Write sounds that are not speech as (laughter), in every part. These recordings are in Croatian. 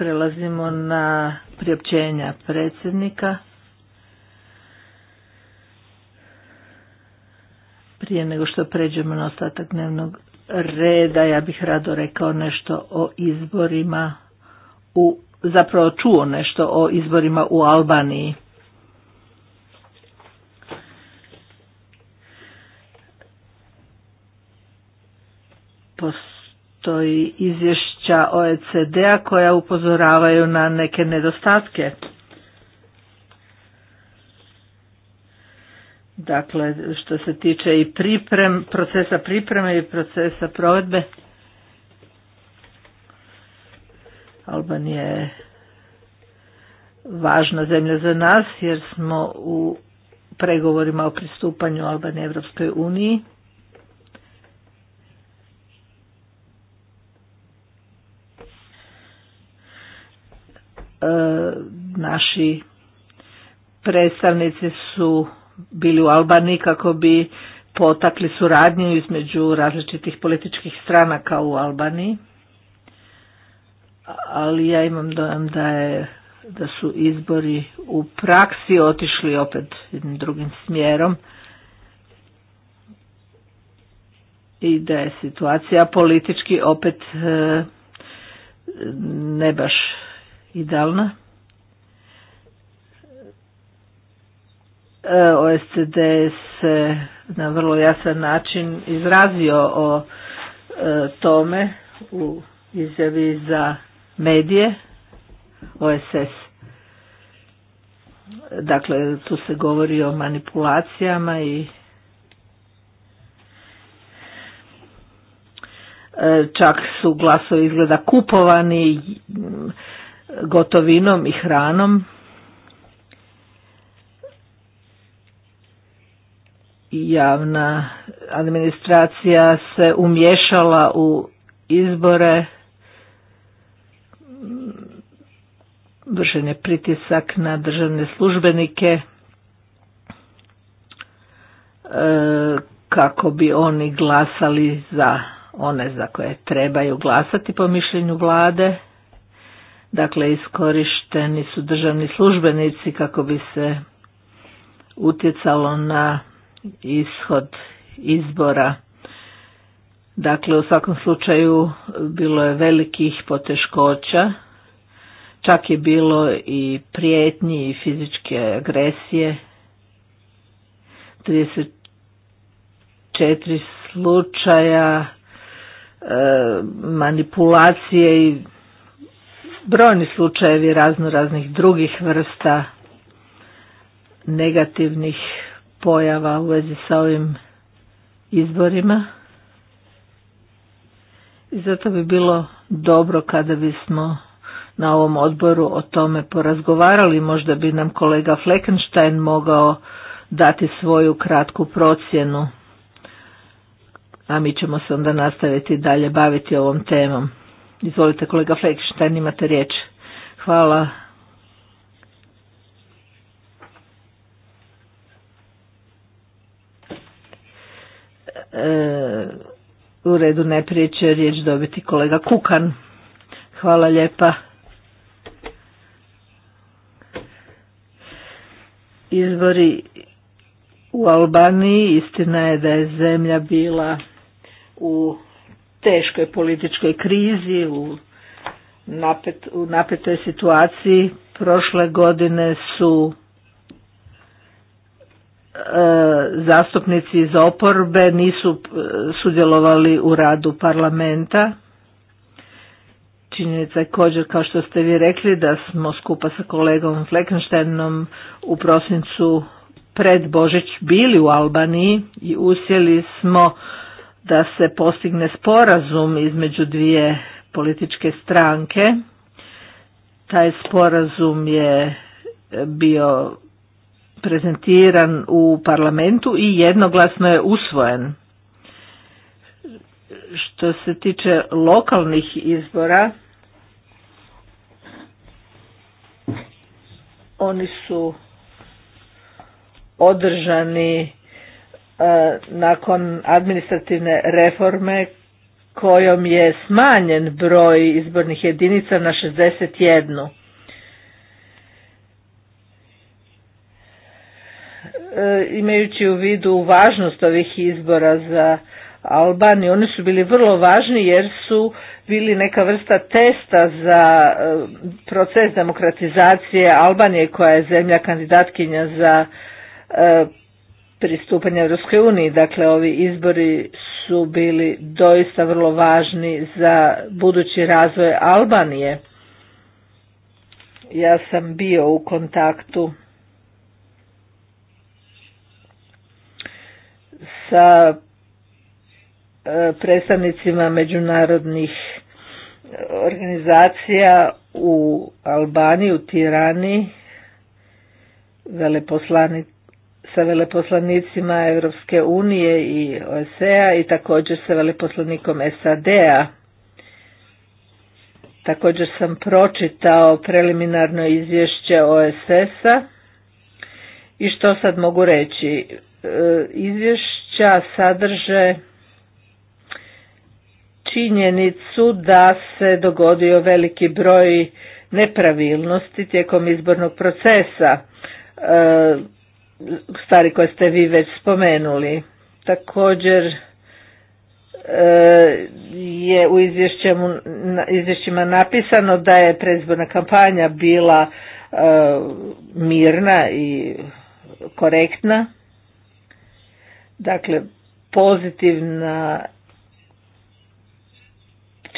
Prelazimo na priopćenja predsjednika. Prije nego što pređemo na ostatak dnevnog reda, ja bih rado rekao nešto o izborima u, zapravo čuo nešto o izborima u Albaniji. Pos i izvješća OECD-a koja upozoravaju na neke nedostatke. Dakle, što se tiče i priprem, procesa pripreme i procesa provedbe. Albanija je važna zemlja za nas jer smo u pregovorima o pristupanju Albanije Evropskoj uniji. E, naši predstavnici su bili u Albaniji kako bi potakli suradnju između različitih političkih stranaka u Albaniji. Ali ja imam dojam da je da su izbori u praksi otišli opet jednim drugim smjerom i da je situacija politički opet e, ne baš idealna. E, OSCD se na vrlo jasan način izrazio o e, tome u izjavi za medije OSS. Dakle, tu se govori o manipulacijama i e, čak su glasovi izgleda kupovani gotovinom i hranom javna administracija se umješala u izbore vršen je pritisak na državne službenike e, kako bi oni glasali za one za koje trebaju glasati po mišljenju vlade Dakle, iskorišteni su državni službenici kako bi se utjecalo na ishod izbora. Dakle, u svakom slučaju bilo je velikih poteškoća, čak je bilo i prijetnji i fizičke agresije. 34 slučaja e, manipulacije i brojni slučajevi razno raznih drugih vrsta negativnih pojava u vezi sa ovim izborima. I zato bi bilo dobro kada bismo na ovom odboru o tome porazgovarali. Možda bi nam kolega Fleckenstein mogao dati svoju kratku procjenu. A mi ćemo se onda nastaviti dalje baviti ovom temom. Izvolite kolega Fleckstein, imate riječ. Hvala. E, u redu najprije će riječ dobiti kolega Kukan. Hvala lijepa. Izvori u Albaniji istina je da je zemlja bila u teškoj političkoj krizi, u, napet, u napetoj situaciji. Prošle godine su e, zastupnici iz oporbe nisu e, sudjelovali u radu parlamenta. Činjenica je kođer, kao što ste vi rekli, da smo skupa sa kolegom Fleckensteinom u prosincu pred Božić bili u Albaniji i usjeli smo da se postigne sporazum između dvije političke stranke. Taj sporazum je bio prezentiran u parlamentu i jednoglasno je usvojen. Što se tiče lokalnih izbora, oni su održani E, nakon administrativne reforme kojom je smanjen broj izbornih jedinica na 61. E, imajući u vidu važnost ovih izbora za Albaniju, oni su bili vrlo važni jer su bili neka vrsta testa za e, proces demokratizacije Albanije koja je zemlja kandidatkinja za pristupanja europske unije. Dakle, ovi izbori su bili doista vrlo važni za budući razvoj Albanije. Ja sam bio u kontaktu sa e, predstavnicima međunarodnih organizacija u Albaniji, u Tirani, veleposlanici sa veleposlanicima Europske unije i OSE-a i također sa veleposlanikom SAD-a. Također sam pročitao preliminarno izvješće OSS-a i što sad mogu reći? E, izvješća sadrže činjenicu da se dogodio veliki broj nepravilnosti tijekom izbornog procesa e, stvari koje ste vi već spomenuli. Također e, je u izvješćima napisano da je predizborna kampanja bila e, mirna i korektna. Dakle, pozitivna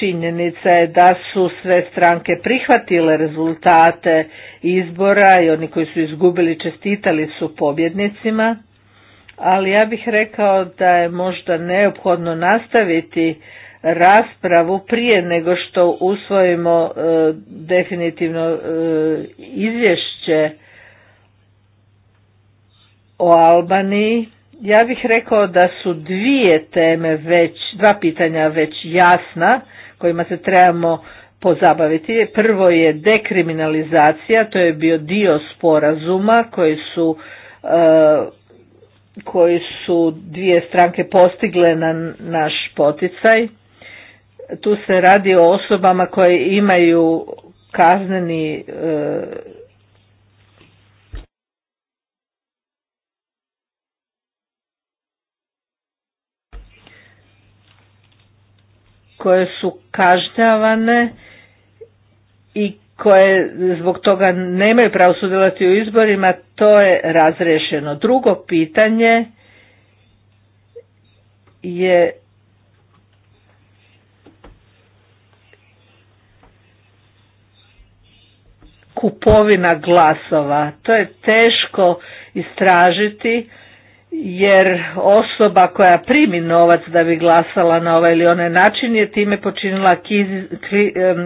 Činjenica je da su sve stranke prihvatile rezultate izbora i oni koji su izgubili čestitali su pobjednicima, ali ja bih rekao da je možda neophodno nastaviti raspravu prije nego što usvojimo e, definitivno e, izvješće o Albaniji. Ja bih rekao da su dvije teme već, dva pitanja već jasna kojima se trebamo pozabaviti. Prvo je dekriminalizacija, to je bio dio sporazuma koji su eh, koji su dvije stranke postigle na naš poticaj. Tu se radi o osobama koje imaju kazneni eh, koje su kažnjavane i koje zbog toga nemaju pravo sudjelovati u izborima, to je razrešeno. Drugo pitanje je kupovina glasova. To je teško istražiti jer osoba koja primi novac da bi glasala na ovaj ili onaj način je time počinila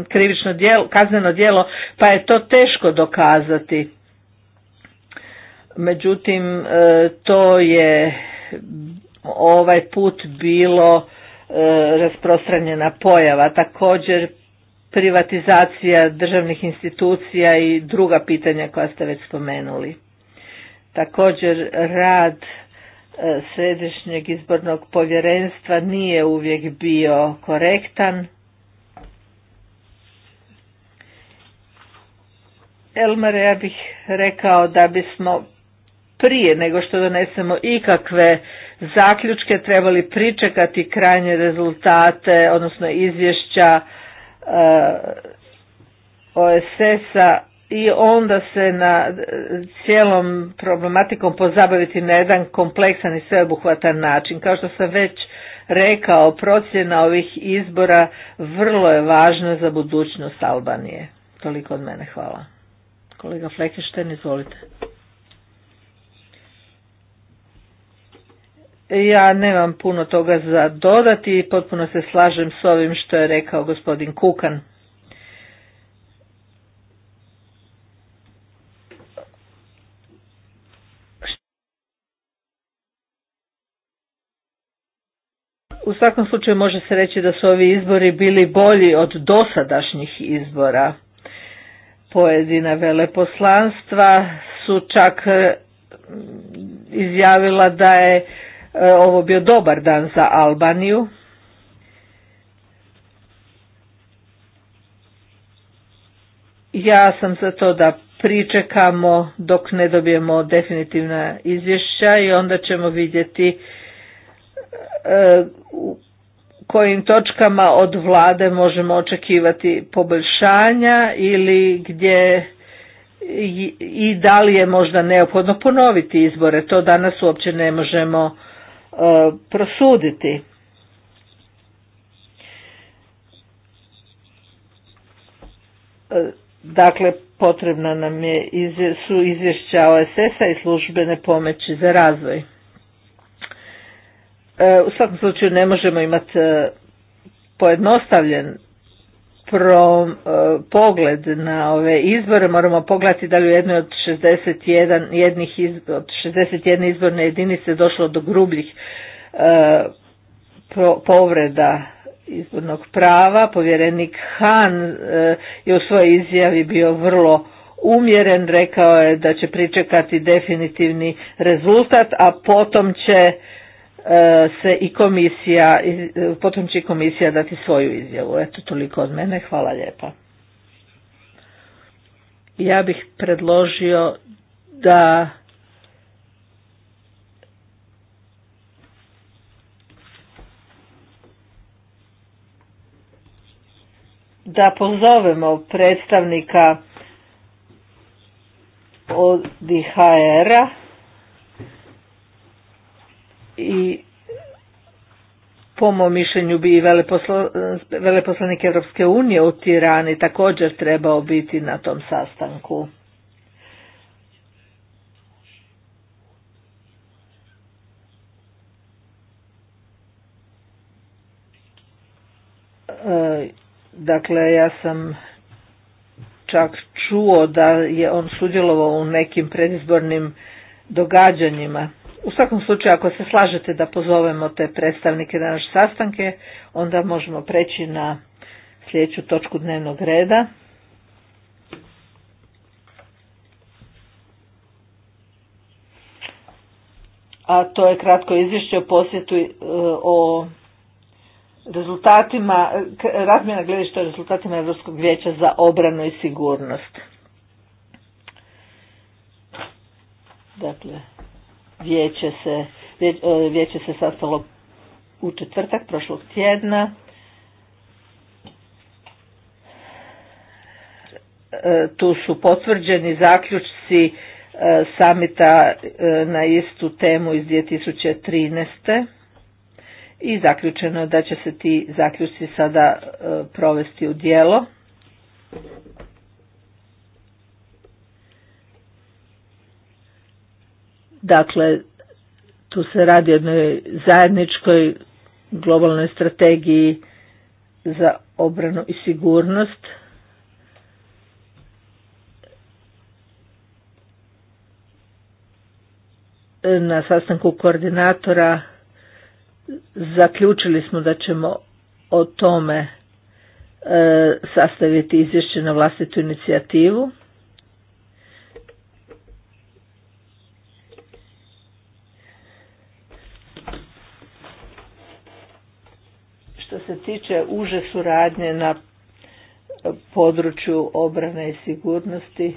krivično djelo, kazneno djelo pa je to teško dokazati. Međutim, e, to je ovaj put bilo e, rasprostranjena pojava. Također privatizacija državnih institucija i druga pitanja koja ste već spomenuli. Također rad središnjeg izbornog povjerenstva nije uvijek bio korektan. Elmer, ja bih rekao da bismo prije nego što donesemo ikakve zaključke trebali pričekati krajnje rezultate, odnosno izvješća e, OSS-a i onda se na e, cijelom problematikom pozabaviti na jedan kompleksan i sveobuhvatan način. Kao što sam već rekao, procjena ovih izbora vrlo je važna za budućnost Albanije. Toliko od mene, hvala. Kolega Flekešten, izvolite. Ja nemam puno toga za dodati i potpuno se slažem s ovim što je rekao gospodin Kukan. U svakom slučaju može se reći da su ovi izbori bili bolji od dosadašnjih izbora. Pojedina veleposlanstva su čak e, izjavila da je e, ovo bio dobar dan za Albaniju. Ja sam za to da pričekamo dok ne dobijemo definitivna izvješća i onda ćemo vidjeti u kojim točkama od vlade možemo očekivati poboljšanja ili gdje i da li je možda neophodno ponoviti izbore. To danas uopće ne možemo e, prosuditi. E, dakle, potrebna nam je, su izvješća OSS-a i službene pomeći za razvoj. E, u svakom slučaju ne možemo imati e, pojednostavljen pro, e, pogled na ove izbore. Moramo pogledati da li u jednoj od 61, jednih iz, od 61 izborne jedinice došlo do grubljih pro, povreda izbornog prava. Povjerenik Han je u svojoj izjavi bio vrlo umjeren, rekao je da će pričekati definitivni rezultat, a potom će se i komisija, e, potom će komisija dati svoju izjavu. Eto, toliko od mene. Hvala lijepa. Ja bih predložio da da pozovemo predstavnika od DHR-a i po mom mišljenju bi i veleposlanik Europske unije u Tirani također trebao biti na tom sastanku. E, dakle, ja sam čak čuo da je on sudjelovao u nekim predizbornim događanjima. U svakom slučaju, ako se slažete da pozovemo te predstavnike na naše sastanke, onda možemo preći na sljedeću točku dnevnog reda. A to je kratko izvješće o posjetu e, o rezultatima, razmjena gledišta o rezultatima Europskog vijeća za obranu i sigurnost. Dakle, Vijeće se, e, vijeće se sastalo u četvrtak prošlog tjedna. E, tu su potvrđeni zaključci e, samita na istu temu iz 2013. I zaključeno da će se ti zaključci sada provesti u dijelo. Dakle, tu se radi o jednoj zajedničkoj globalnoj strategiji za obranu i sigurnost. Na sastanku koordinatora zaključili smo da ćemo o tome e, sastaviti izvješće na vlastitu inicijativu. Što se tiče uže suradnje na području obrane i sigurnosti,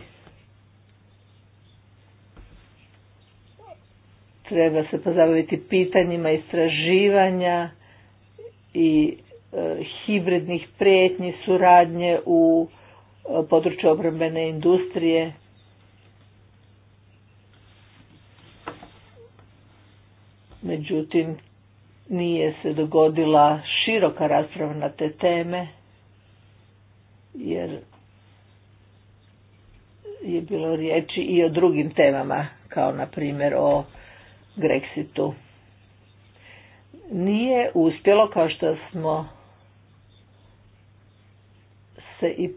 treba se pozabaviti pitanjima istraživanja i e, hibridnih prijetnji suradnje u e, području obrambene industrije. Međutim, nije se dogodila široka rasprava na te teme, jer je bilo riječi i o drugim temama, kao na primjer o Grexitu. Nije uspjelo, kao što smo se i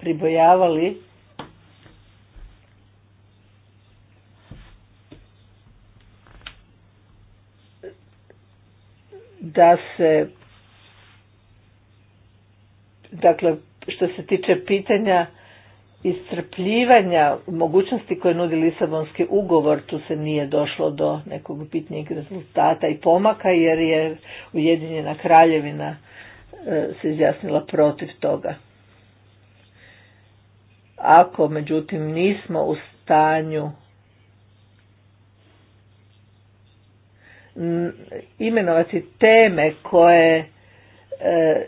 pribojavali, da se dakle što se tiče pitanja iscrpljivanja mogućnosti koje nudi Lisabonski ugovor, tu se nije došlo do nekog bitnijeg rezultata i pomaka jer je Ujedinjena kraljevina e, se izjasnila protiv toga. Ako međutim nismo u stanju imenovati teme koje e,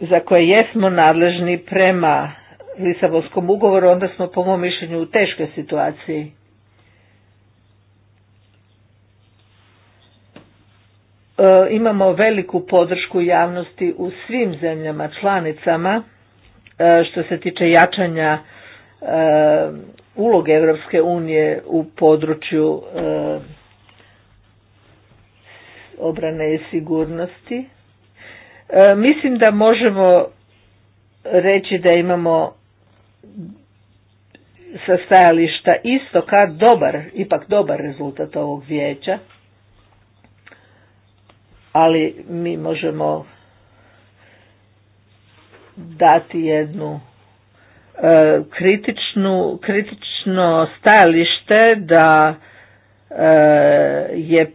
za koje jesmo nadležni prema Lisabonskom ugovoru, onda smo po mom mišljenju u teškoj situaciji. E, imamo veliku podršku javnosti u svim zemljama članicama e, što se tiče jačanja E, uloge Europske unije u području e, obrane i sigurnosti. E, mislim da možemo reći da imamo sa stajališta kad dobar, ipak dobar rezultat ovog vijeća, ali mi možemo dati jednu E, kritičnu, kritično stajalište da e, je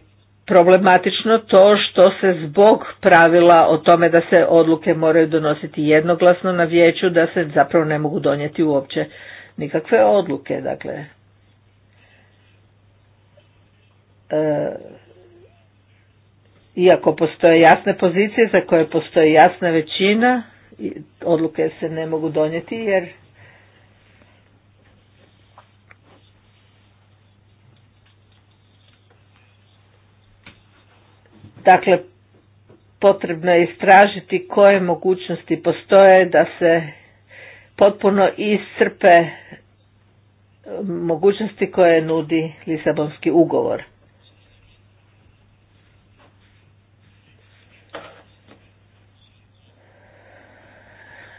problematično to što se zbog pravila o tome da se odluke moraju donositi jednoglasno na vijeću da se zapravo ne mogu donijeti uopće nikakve odluke dakle e, iako postoje jasne pozicije za koje postoji jasna većina odluke se ne mogu donijeti jer Dakle, potrebno je istražiti koje mogućnosti postoje da se potpuno iscrpe mogućnosti koje nudi Lisabonski ugovor.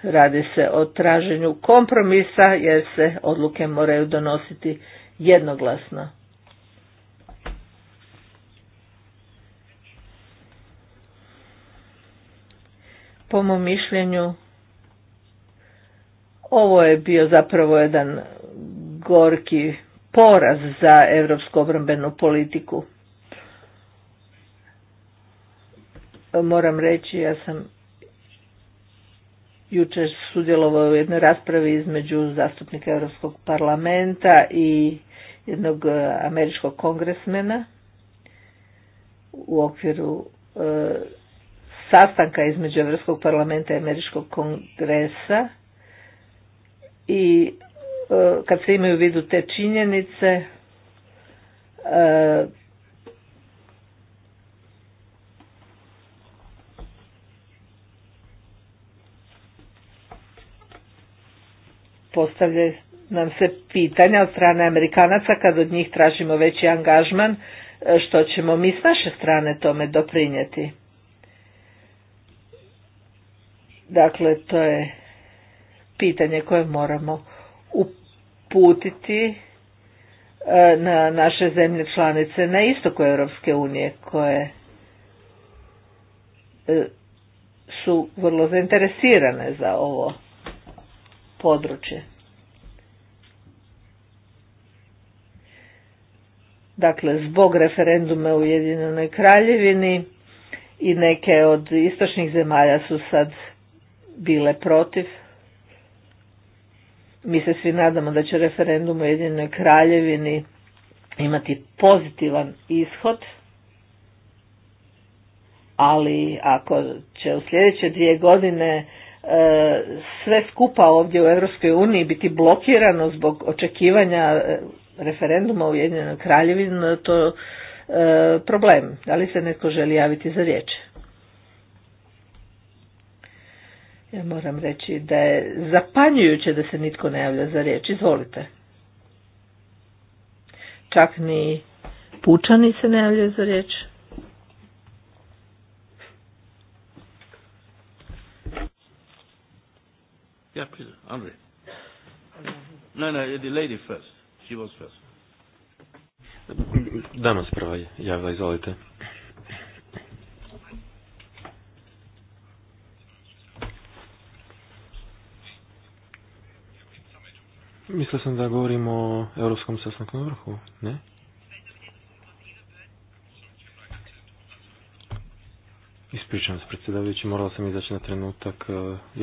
Radi se o traženju kompromisa jer se odluke moraju donositi jednoglasno. Po mom mišljenju, ovo je bio zapravo jedan gorki poraz za europsku obrambenu politiku. Moram reći, ja sam jučer sudjelovao u jednoj raspravi između zastupnika Europskog parlamenta i jednog e, američkog kongresmena u okviru e, sastanka između Europskog parlamenta i Američkog kongresa i e, kad se imaju u vidu te činjenice e, postavlja nam se pitanja od strane Amerikanaca kad od njih tražimo veći angažman e, što ćemo mi s naše strane tome doprinijeti. Dakle, to je pitanje koje moramo uputiti e, na naše zemlje članice na istoku Europske unije koje e, su vrlo zainteresirane za ovo područje. Dakle, zbog referendume u Ujedinjenoj Kraljevini i neke od istočnih zemalja su sad bile protiv. Mi se svi nadamo da će referendum u Jedinoj Kraljevini imati pozitivan ishod, ali ako će u sljedeće dvije godine e, sve skupa ovdje u Europskoj uniji biti blokirano zbog očekivanja e, referenduma u Jedinoj Kraljevini, to je problem. Da li se netko želi javiti za riječ? Ja moram reći da je zapanjujuće da se nitko ne javlja za riječ. Izvolite. Čak ni pučani se ne javljaju za riječ. Ja, please, Andrej. ne, no, the lady first. She was first. prva izvolite. Mislio sam da govorimo o europskom sastanku na vrhu, ne? Ispričavam se predsjedavajući, morala sam izaći na trenutak, e,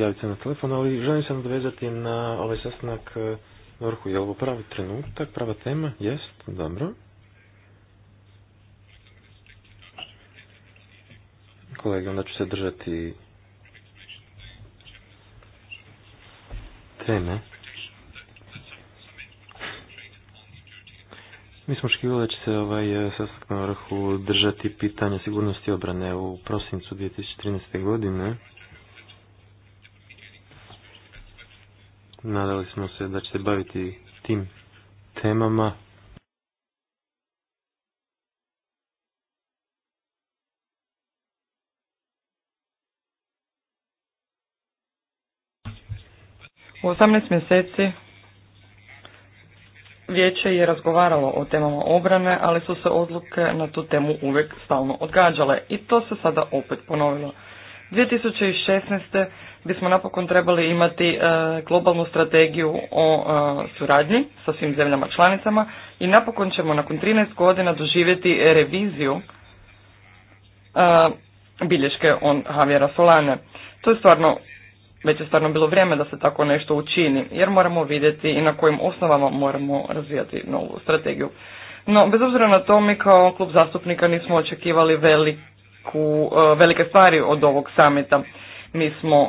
javiti se na telefon, ali želim se nadvezati na ovaj sastanak e, na vrhu. Je li ovo pravi trenutak, prava tema? Jest, dobro. Kolege, onda ću se držati teme. Mi smo očekivali da će se ovaj e, sastanak na vrhu držati pitanje sigurnosti obrane u prosincu 2013. godine. Nadali smo se da će se baviti tim temama. U 18 mjeseci Vijeće je razgovaralo o temama obrane, ali su se odluke na tu temu uvijek stalno odgađale i to se sada opet ponovilo. 2016. bismo napokon trebali imati e, globalnu strategiju o e, suradnji sa svim zemljama članicama i napokon ćemo nakon 13 godina doživjeti reviziju e, bilješke on Javiera Solane. To je stvarno već je stvarno bilo vrijeme da se tako nešto učini, jer moramo vidjeti i na kojim osnovama moramo razvijati novu strategiju. No, bez obzira na to, mi kao klub zastupnika nismo očekivali veliku, e, velike stvari od ovog samita. Mi smo e,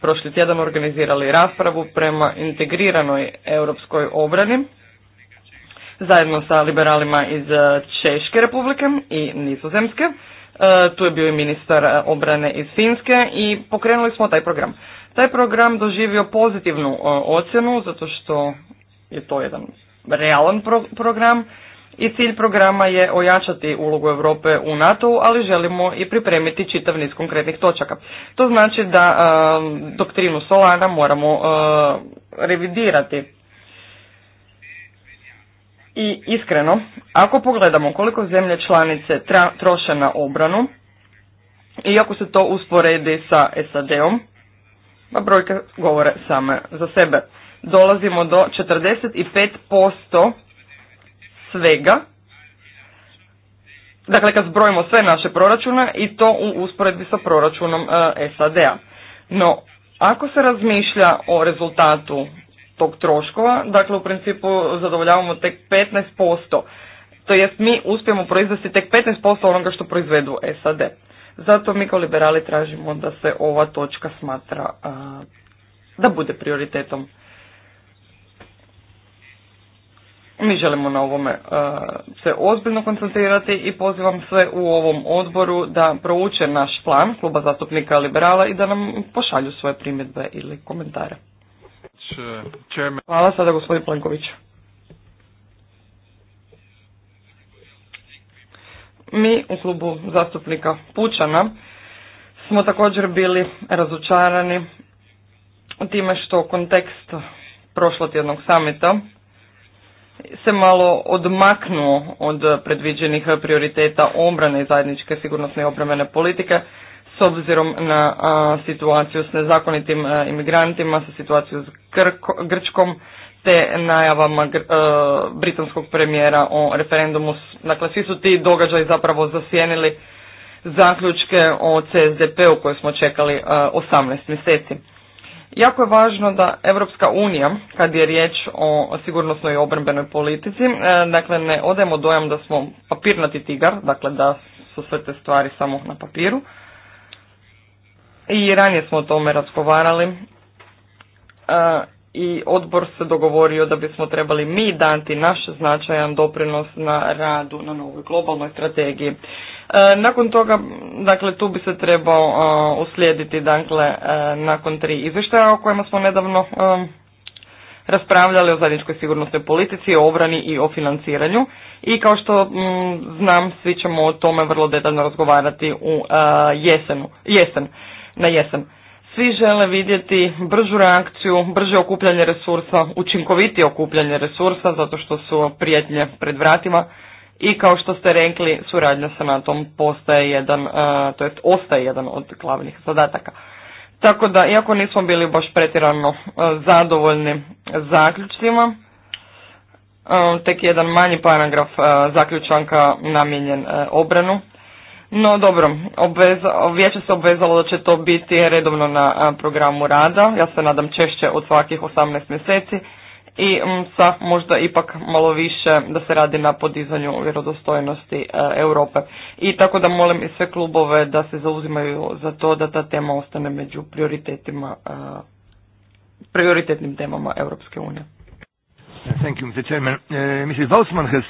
prošli tjedan organizirali raspravu prema integriranoj europskoj obrani zajedno sa liberalima iz e, Češke republike i Nizozemske. tu je bio i ministar obrane iz Finske i pokrenuli smo taj program. Taj program doživio pozitivnu e, ocjenu zato što je to jedan realan program i cilj programa je ojačati ulogu Europe u NATO-u, ali želimo i pripremiti čitav niz konkretnih točaka. To znači da e, doktrinu Solana moramo e, revidirati. I iskreno, ako pogledamo koliko zemlje članice troše na obranu i ako se to usporedi sa SAD-om, brojke govore same za sebe. Dolazimo do 45% svega, dakle kad zbrojimo sve naše proračune i to u usporedbi sa proračunom e, SAD-a. No, ako se razmišlja o rezultatu tog troškova, dakle u principu zadovoljavamo tek 15%, to jest mi uspijemo proizvesti tek 15% onoga što proizvedu SAD. Zato mi kao liberali tražimo da se ova točka smatra da bude prioritetom. Mi želimo na ovome se ozbiljno koncentrirati i pozivam sve u ovom odboru da prouče naš plan kluba zastupnika liberala i da nam pošalju svoje primjedbe ili komentare. Hvala sada gospodin Planković. Mi u klubu zastupnika Pučana smo također bili razočarani time što kontekst prošlotjednog samita se malo odmaknuo od predviđenih prioriteta obrane i zajedničke sigurnosne i obrambene politike s obzirom na situaciju s nezakonitim imigrantima, sa situaciju s Grčkom, te najavama e, britanskog premijera o referendumu. Dakle, svi su ti događaji zapravo zasjenili zaključke o CSDP-u koje smo čekali 18 e, mjeseci. Jako je važno da Europska unija, kad je riječ o sigurnosnoj i obrambenoj politici, e, dakle ne odajemo dojam da smo papirnati tigar, dakle da su sve te stvari samo na papiru. I ranije smo o tome razgovarali i odbor se dogovorio da bismo trebali mi dati naš značajan doprinos na radu na novoj globalnoj strategiji. E, nakon toga, dakle, tu bi se trebao e, uslijediti, dakle, e, nakon tri izvještaja o kojima smo nedavno raspravljali o zajedničkoj sigurnosnoj politici, o obrani i o financiranju. I kao što znam, svi ćemo o tome vrlo detaljno razgovarati u jesenu, jesen, na jesen. Svi žele vidjeti bržu reakciju, brže okupljanje resursa, učinkovitije okupljanje resursa zato što su prijetnje pred vratima i kao što ste rekli suradnja sa NATO-om postaje jedan, e, to jest ostaje jedan od glavnih zadataka. Tako da, iako nismo bili baš pretirano e, zadovoljni zaključcima, e, tek jedan manji paragraf zaključanka namijenjen obranu no dobro, obveza, vijeće se obvezalo da će to biti redovno na programu rada, ja se nadam češće od svakih 18 mjeseci i sa možda ipak malo više da se radi na podizanju vjerodostojnosti e, Europe. I tako da molim i sve klubove da se zauzimaju za to da ta tema ostane među prioritetima, e, prioritetnim temama Europske unije.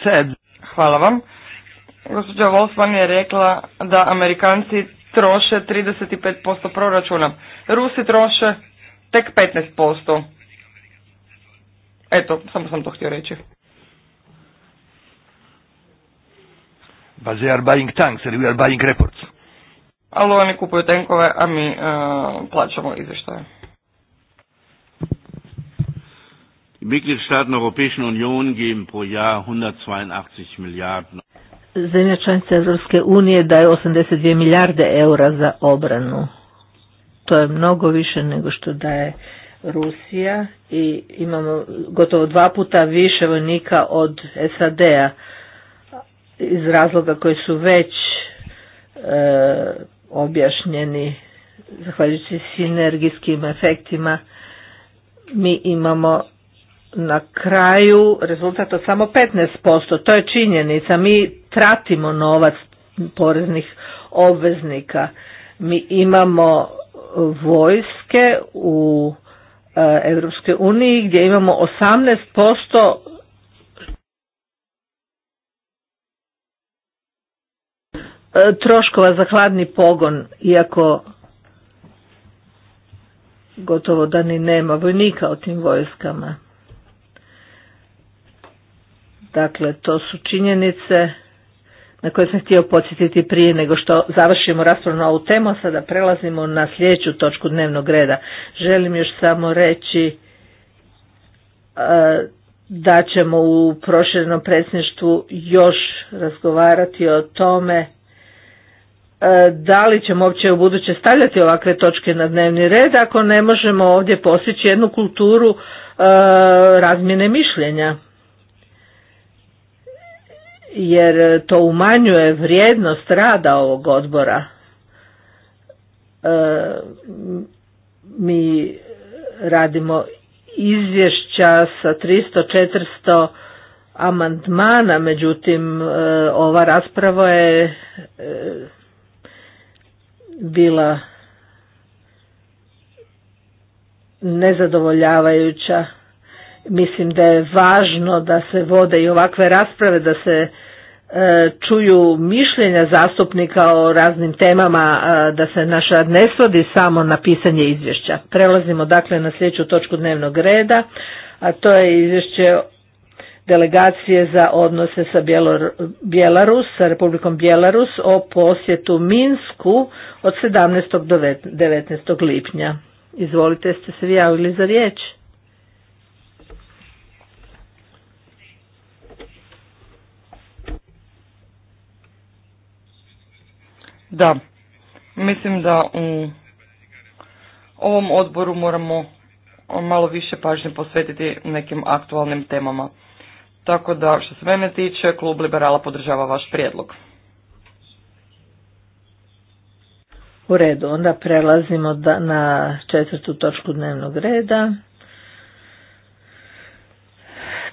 E, Hvala vam. Gospođa Wolfman je rekla da Amerikanci troše 35% proračuna. Rusi troše tek 15%. Eto, samo sam to htio reći. But they are buying tanks and we are buying reports. Ali oni kupuju tankove, a mi uh, plaćamo izvještaje. Die Mitgliedstaaten der Europäischen Union geben pro Jahr 182 Milliarden zemlja članica Europske unije daje 82 milijarde eura za obranu. To je mnogo više nego što daje Rusija i imamo gotovo dva puta više vojnika od SAD-a iz razloga koji su već e, objašnjeni zahvaljujući sinergijskim efektima mi imamo na kraju rezultat od samo 15%. To je činjenica. Mi tratimo novac poreznih obveznika. Mi imamo vojske u EU uniji gdje imamo 18% e, troškova za hladni pogon, iako gotovo da ni nema vojnika u tim vojskama. Dakle, to su činjenice na koje sam htio podsjetiti prije nego što završimo raspravu na ovu temu, sada prelazimo na sljedeću točku dnevnog reda. Želim još samo reći e, da ćemo u proširenom predsjedništvu još razgovarati o tome e, da li ćemo uopće u buduće stavljati ovakve točke na dnevni red ako ne možemo ovdje postići jednu kulturu e, razmjene mišljenja jer e, to umanjuje vrijednost rada ovog odbora. E, mi radimo izvješća sa 300-400 amandmana, međutim e, ova rasprava je bila nezadovoljavajuća. Mislim da je važno da se vode i ovakve rasprave, da se e, čuju mišljenja zastupnika o raznim temama e, da se naša rad ne svodi samo na pisanje izvješća. Prelazimo dakle na sljedeću točku dnevnog reda, a to je izvješće delegacije za odnose sa Bjelarus, sa Republikom Bjelarus o posjetu Minsku od 17. do 19. lipnja. Izvolite, ste se vi javili za riječ. Da, mislim da u ovom odboru moramo malo više pažnje posvetiti nekim aktualnim temama. Tako da, što se mene tiče, klub liberala podržava vaš prijedlog. U redu, onda prelazimo da, na četvrtu točku dnevnog reda.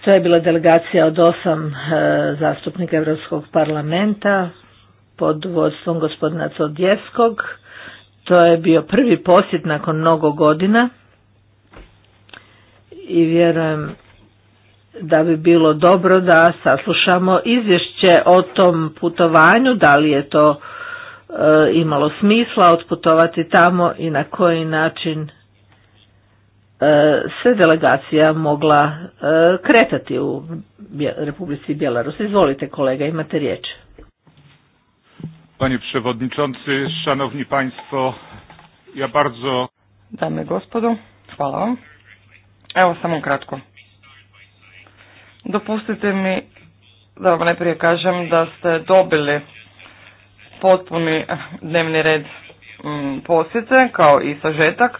To je bila delegacija od osam e, zastupnika Europskog parlamenta pod vodstvom gospodina Codjevskog. To je bio prvi posjet nakon mnogo godina i vjerujem da bi bilo dobro da saslušamo izvješće o tom putovanju, da li je to e, imalo smisla otputovati tamo i na koji način e, se delegacija mogla e, kretati u Republici Bjelarus. Izvolite kolega, imate riječ. Panie przewodniczący, szanowni państwo, ja bardzo Dame i gospodo, hvala vam. Evo samo kratko. Dopustite mi da vam najprije kažem da ste dobili potpuni eh, dnevni red mm, posjete kao i sažetak.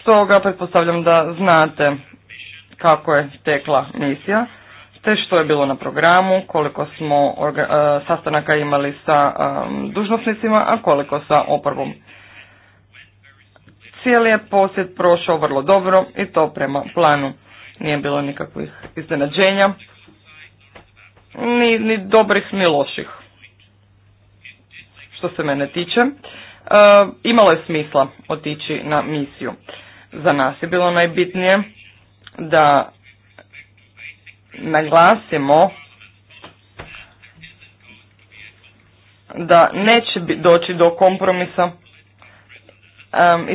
Stoga pretpostavljam da znate kako je tekla misija te što je bilo na programu, koliko smo e, sastanaka imali sa e, dužnosnicima, a koliko sa oporbom. Cijeli je posjet prošao vrlo dobro i to prema planu. Nije bilo nikakvih iznenađenja, ni, dobrih ni loših. Što se mene tiče, e, imalo je smisla otići na misiju. Za nas je bilo najbitnije da naglasimo da neće doći do kompromisa.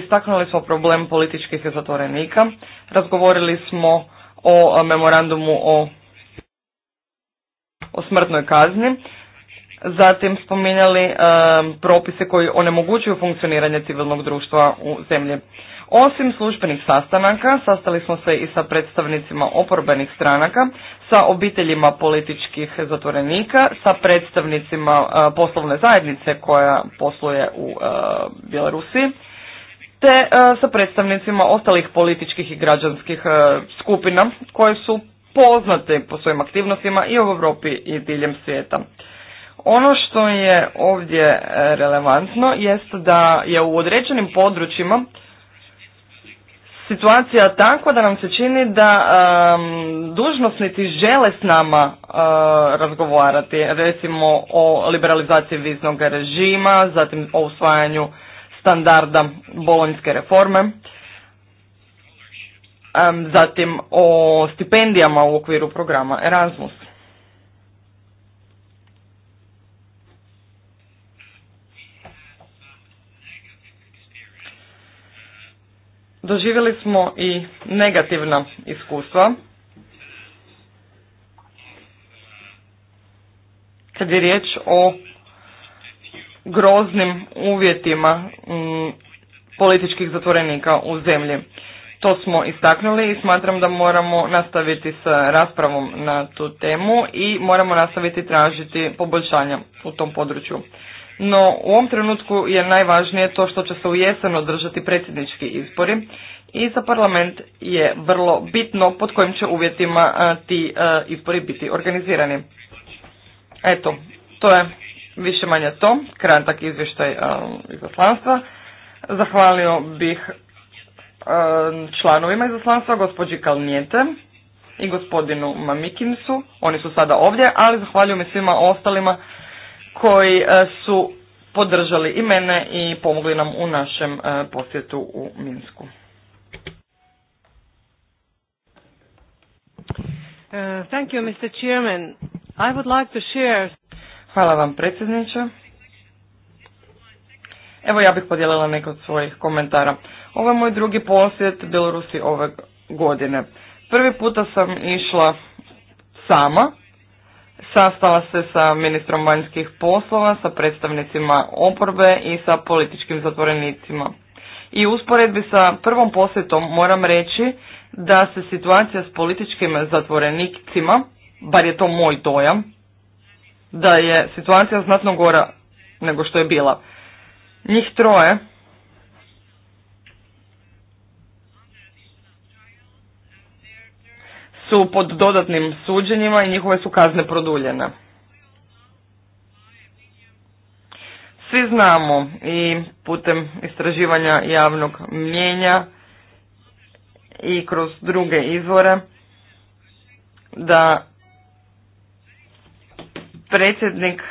Istaknuli smo problem političkih zatvorenika. Razgovorili smo o memorandumu o, o smrtnoj kazni. Zatim spominjali propise koji onemogućuju funkcioniranje civilnog društva u zemlji. Osim službenih sastanaka, sastali smo se i sa predstavnicima oporbenih stranaka, sa obiteljima političkih zatvorenika, sa predstavnicima e, poslovne zajednice koja posluje u e, Bjelorusiji, te e, sa predstavnicima ostalih političkih i građanskih skupina koje su poznate po svojim aktivnostima i u Europi i diljem svijeta. Ono što je ovdje relevantno jest da je u određenim područjima situacija takva da nam se čini da um, dužnosnici žele s nama eh, razgovarati, recimo o liberalizaciji viznog režima, zatim o usvajanju standarda bolonjske reforme, zatim o stipendijama u okviru programa Erasmus. Doživjeli smo i negativna iskustva. Kad je riječ o groznim uvjetima mm, političkih zatvorenika u zemlji. To smo istaknuli i smatram da moramo nastaviti sa raspravom na tu temu i moramo nastaviti tražiti poboljšanja u tom području. No u ovom trenutku je najvažnije to što će se u jesen održati predsjednički izbori i za parlament je vrlo bitno pod kojim će uvjetima e, ti e, izbori biti organizirani. Eto, to je više manje to, kratak izvještaj e, izaslanstva. Zahvalio bih članovima izaslanstva, gospođi Kalnijete i gospodinu Mamikinsu. Oni su sada ovdje, ali zahvaljujem i svima ostalima koji e, su podržali i mene i pomogli nam u našem e, posjetu u Minsku. Uh, I Hvala vam, predsjedniče. Evo ja bih podijelila neko od svojih komentara. Ovo je moj drugi posjet Bjelorusi ove godine. Prvi puta sam išla sama Sastala se sa ministrom vanjskih poslova, sa predstavnicima oporbe i sa političkim zatvorenicima. I usporedbi sa prvom posjetom moram reći da se situacija s političkim zatvorenicima, bar je to moj dojam, da je situacija znatno gora nego što je bila. Njih troje su pod dodatnim suđenjima i njihove su kazne produljene. Svi znamo i putem istraživanja javnog mjenja i kroz druge izvore da predsjednik,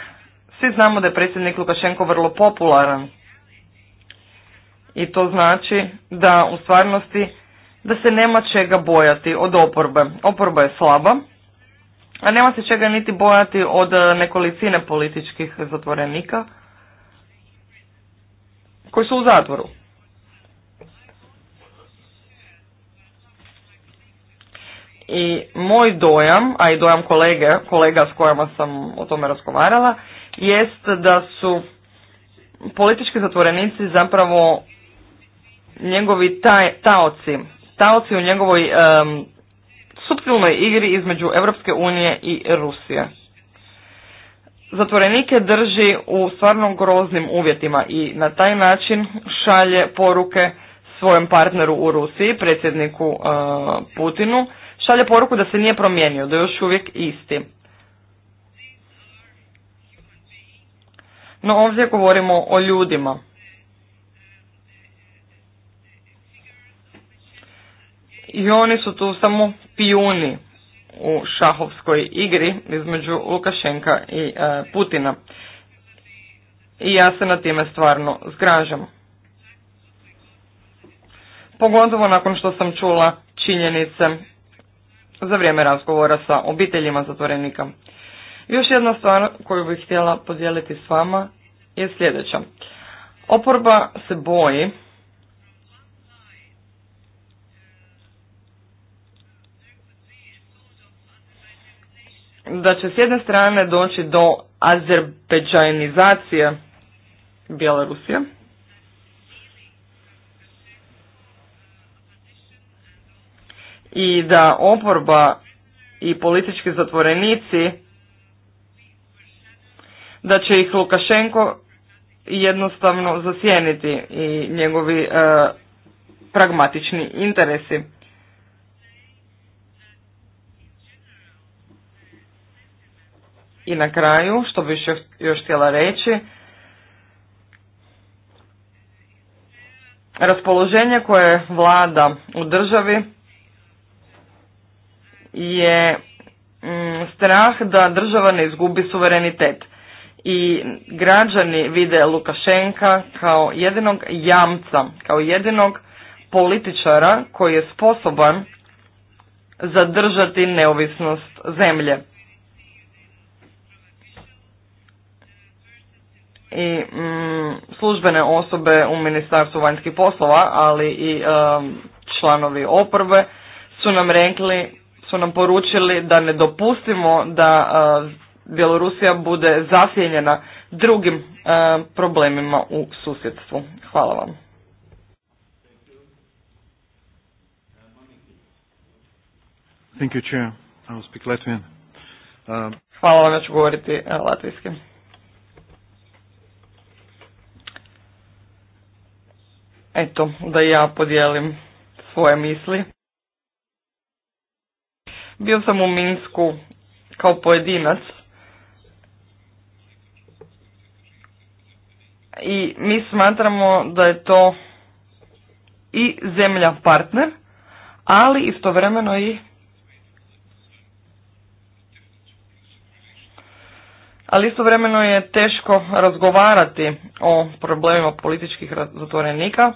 svi znamo da je predsjednik Lukašenko vrlo popularan i to znači da u stvarnosti da se nema čega bojati od oporbe. Oporba je slaba, a nema se čega niti bojati od e, nekolicine političkih zatvorenika koji su u zatvoru. I moj dojam, a i dojam kolege, kolega s kojima sam o tome razgovarala, jest da su politički zatvorenici zapravo njegovi taj, taoci taoci u njegovoj um, suptilnoj igri između Europske unije i Rusije. Zatvorenike drži u stvarno groznim uvjetima i na taj način šalje poruke svojem partneru u Rusiji, predsjedniku e, Putinu, šalje poruku da se nije promijenio, da je još uvijek isti. No ovdje govorimo o ljudima. i oni su tu samo pijuni u šahovskoj igri između Lukašenka i e, Putina. I ja se na time stvarno zgražam. Pogotovo nakon što sam čula činjenice za vrijeme razgovora sa obiteljima zatvorenika. Još jedna stvar koju bih htjela podijeliti s vama je sljedeća. Oporba se boji da će s jedne strane doći do azerbeđajnizacije Bjelorusije, i da oporba i politički zatvorenici da će ih Lukašenko jednostavno zasjeniti i njegovi e, pragmatični interesi. I na kraju, što bih još, još htjela reći, raspoloženje koje vlada u državi je mm, strah da država ne izgubi suverenitet i građani vide Lukašenka kao jedinog jamca, kao jedinog političara koji je sposoban zadržati neovisnost zemlje. i mm, službene osobe u Ministarstvu vanjskih poslova, ali i članovi oporbe su nam rekli, su nam poručili da ne dopustimo da Bjelorusija bude zasjenjena drugim problemima u susjedstvu. Hvala vam. Thank you, I speak Um... Hvala vam, ja ću govoriti eh, latvijski. eto, da ja podijelim svoje misli. Bio sam u Minsku kao pojedinac i mi smatramo da je to i zemlja partner, ali istovremeno i ali istovremeno je teško razgovarati o problemima političkih zatvorenika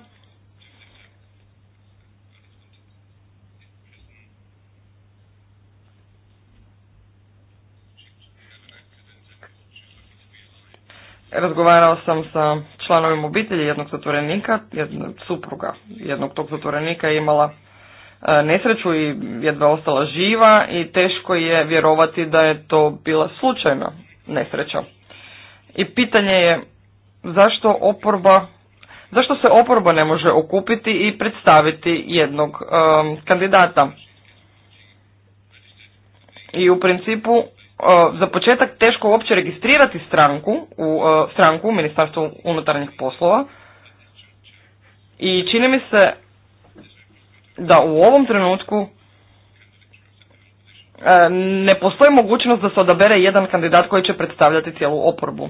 Razgovarao sam sa članovim obitelji jednog zatvorenika, jedna supruga jednog tog zatvorenika je imala e, nesreću i jedva ostala živa i teško je vjerovati da je to bila slučajna nesreća. I pitanje je zašto oporba, zašto se oporba ne može okupiti i predstaviti jednog e, kandidata. I u principu za početak teško uopće registrirati stranku u stranku u Ministarstvu unutarnjih poslova i čini mi se da u ovom trenutku e, ne postoji mogućnost da se odabere jedan kandidat koji će predstavljati cijelu oporbu.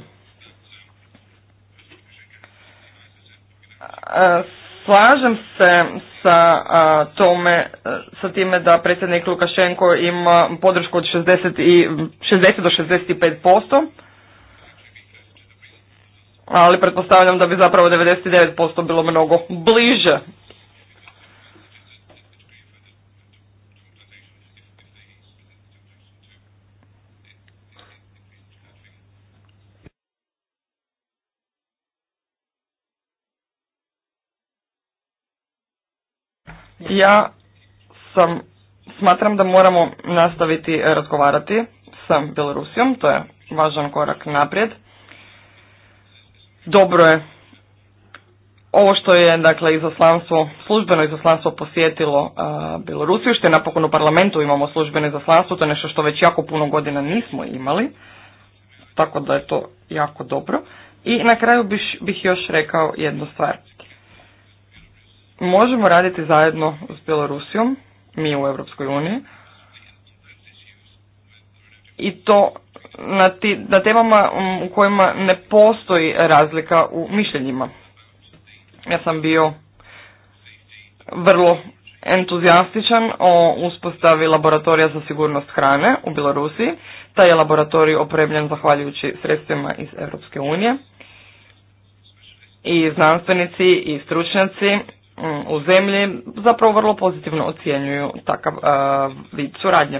E, Slažem se sa a, tome, sa time da predsjednik Lukašenko ima podršku od 60, i, 60 do 65%, ali pretpostavljam da bi zapravo 99% bilo mnogo bliže Ja sam, smatram da moramo nastaviti razgovarati sa Belorusijom, to je važan korak naprijed. Dobro je ovo što je dakle izaslanstvo, službeno izaslanstvo posjetilo uh, Belorusiju, što je napokon u parlamentu imamo službeno izaslanstvo, to je nešto što već jako puno godina nismo imali, tako da je to jako dobro. I na kraju bih, bih još rekao jednu stvar možemo raditi zajedno s Bjelorusijom, mi u Europskoj uniji, i to na, temama u kojima ne postoji razlika u mišljenjima. Ja sam bio vrlo entuzijastičan o uspostavi laboratorija za sigurnost hrane u Bjelorusiji. Taj je laboratorij opremljen zahvaljujući sredstvima iz Europske unije. I znanstvenici i stručnjaci Mm, u zemlji zapravo vrlo pozitivno ocjenjuju takav e, vid suradnje.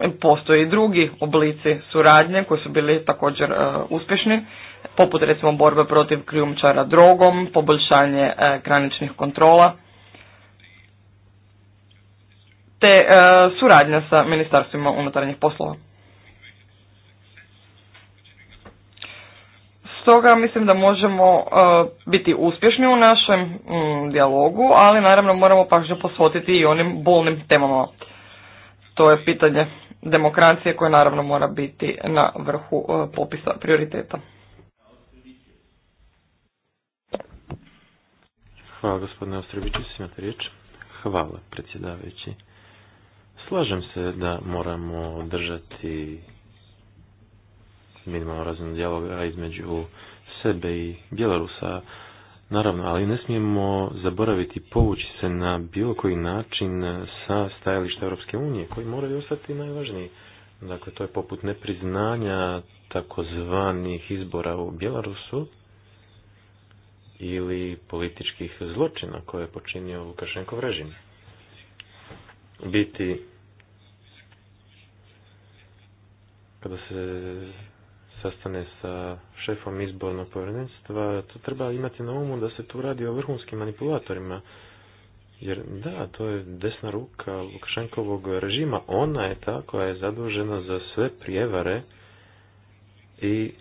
E, postoje i drugi oblici suradnje koji su bili također e, uspješni, poput recimo borbe protiv krijumčara drogom, poboljšanje graničnih kontrola, te suradnja sa ministarstvima unutarnjih poslova. Stoga mislim da možemo uh, biti uspješni u našem mm, dijalogu, ali naravno moramo pažnju posvotiti i onim bolnim temama. To je pitanje demokracije koje naravno mora biti na vrhu uh, popisa prioriteta. Hvala gospodine Ostrebićus, imate riječ. Hvala predsjedavajući. Slažem se da moramo držati minimalno razinu dijaloga između sebe i Bjelarusa. Naravno, ali ne smijemo zaboraviti povući se na bilo koji način sa stajališta Europske unije, koji moraju ostati najvažniji. Dakle, to je poput nepriznanja takozvanih izbora u Bjelarusu ili političkih zločina koje je počinio Lukašenkov režim. biti, kada se sastane sa šefom izbornog povjerenstva, to treba imati na umu da se tu radi o vrhunskim manipulatorima. Jer da, to je desna ruka Lukašenkovog režima. Ona je ta koja je zadužena za sve prijevare i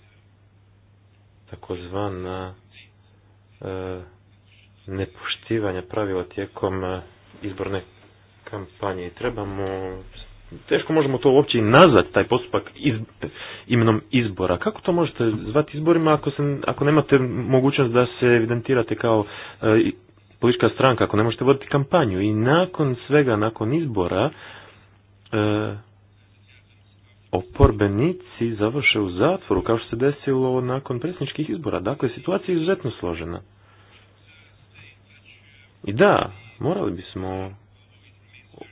takozvana e, nepoštivanja pravila tijekom e, izborne kampanje. Trebamo teško možemo to uopće i nazvati, taj postupak iz, imenom izbora. Kako to možete zvati izborima ako, se, ako nemate mogućnost da se evidentirate kao e, politička stranka, ako ne možete voditi kampanju i nakon svega, nakon izbora, e, oporbenici završe u zatvoru, kao što se desilo nakon predsjedničkih izbora. Dakle, situacija je izuzetno složena. I da, morali bismo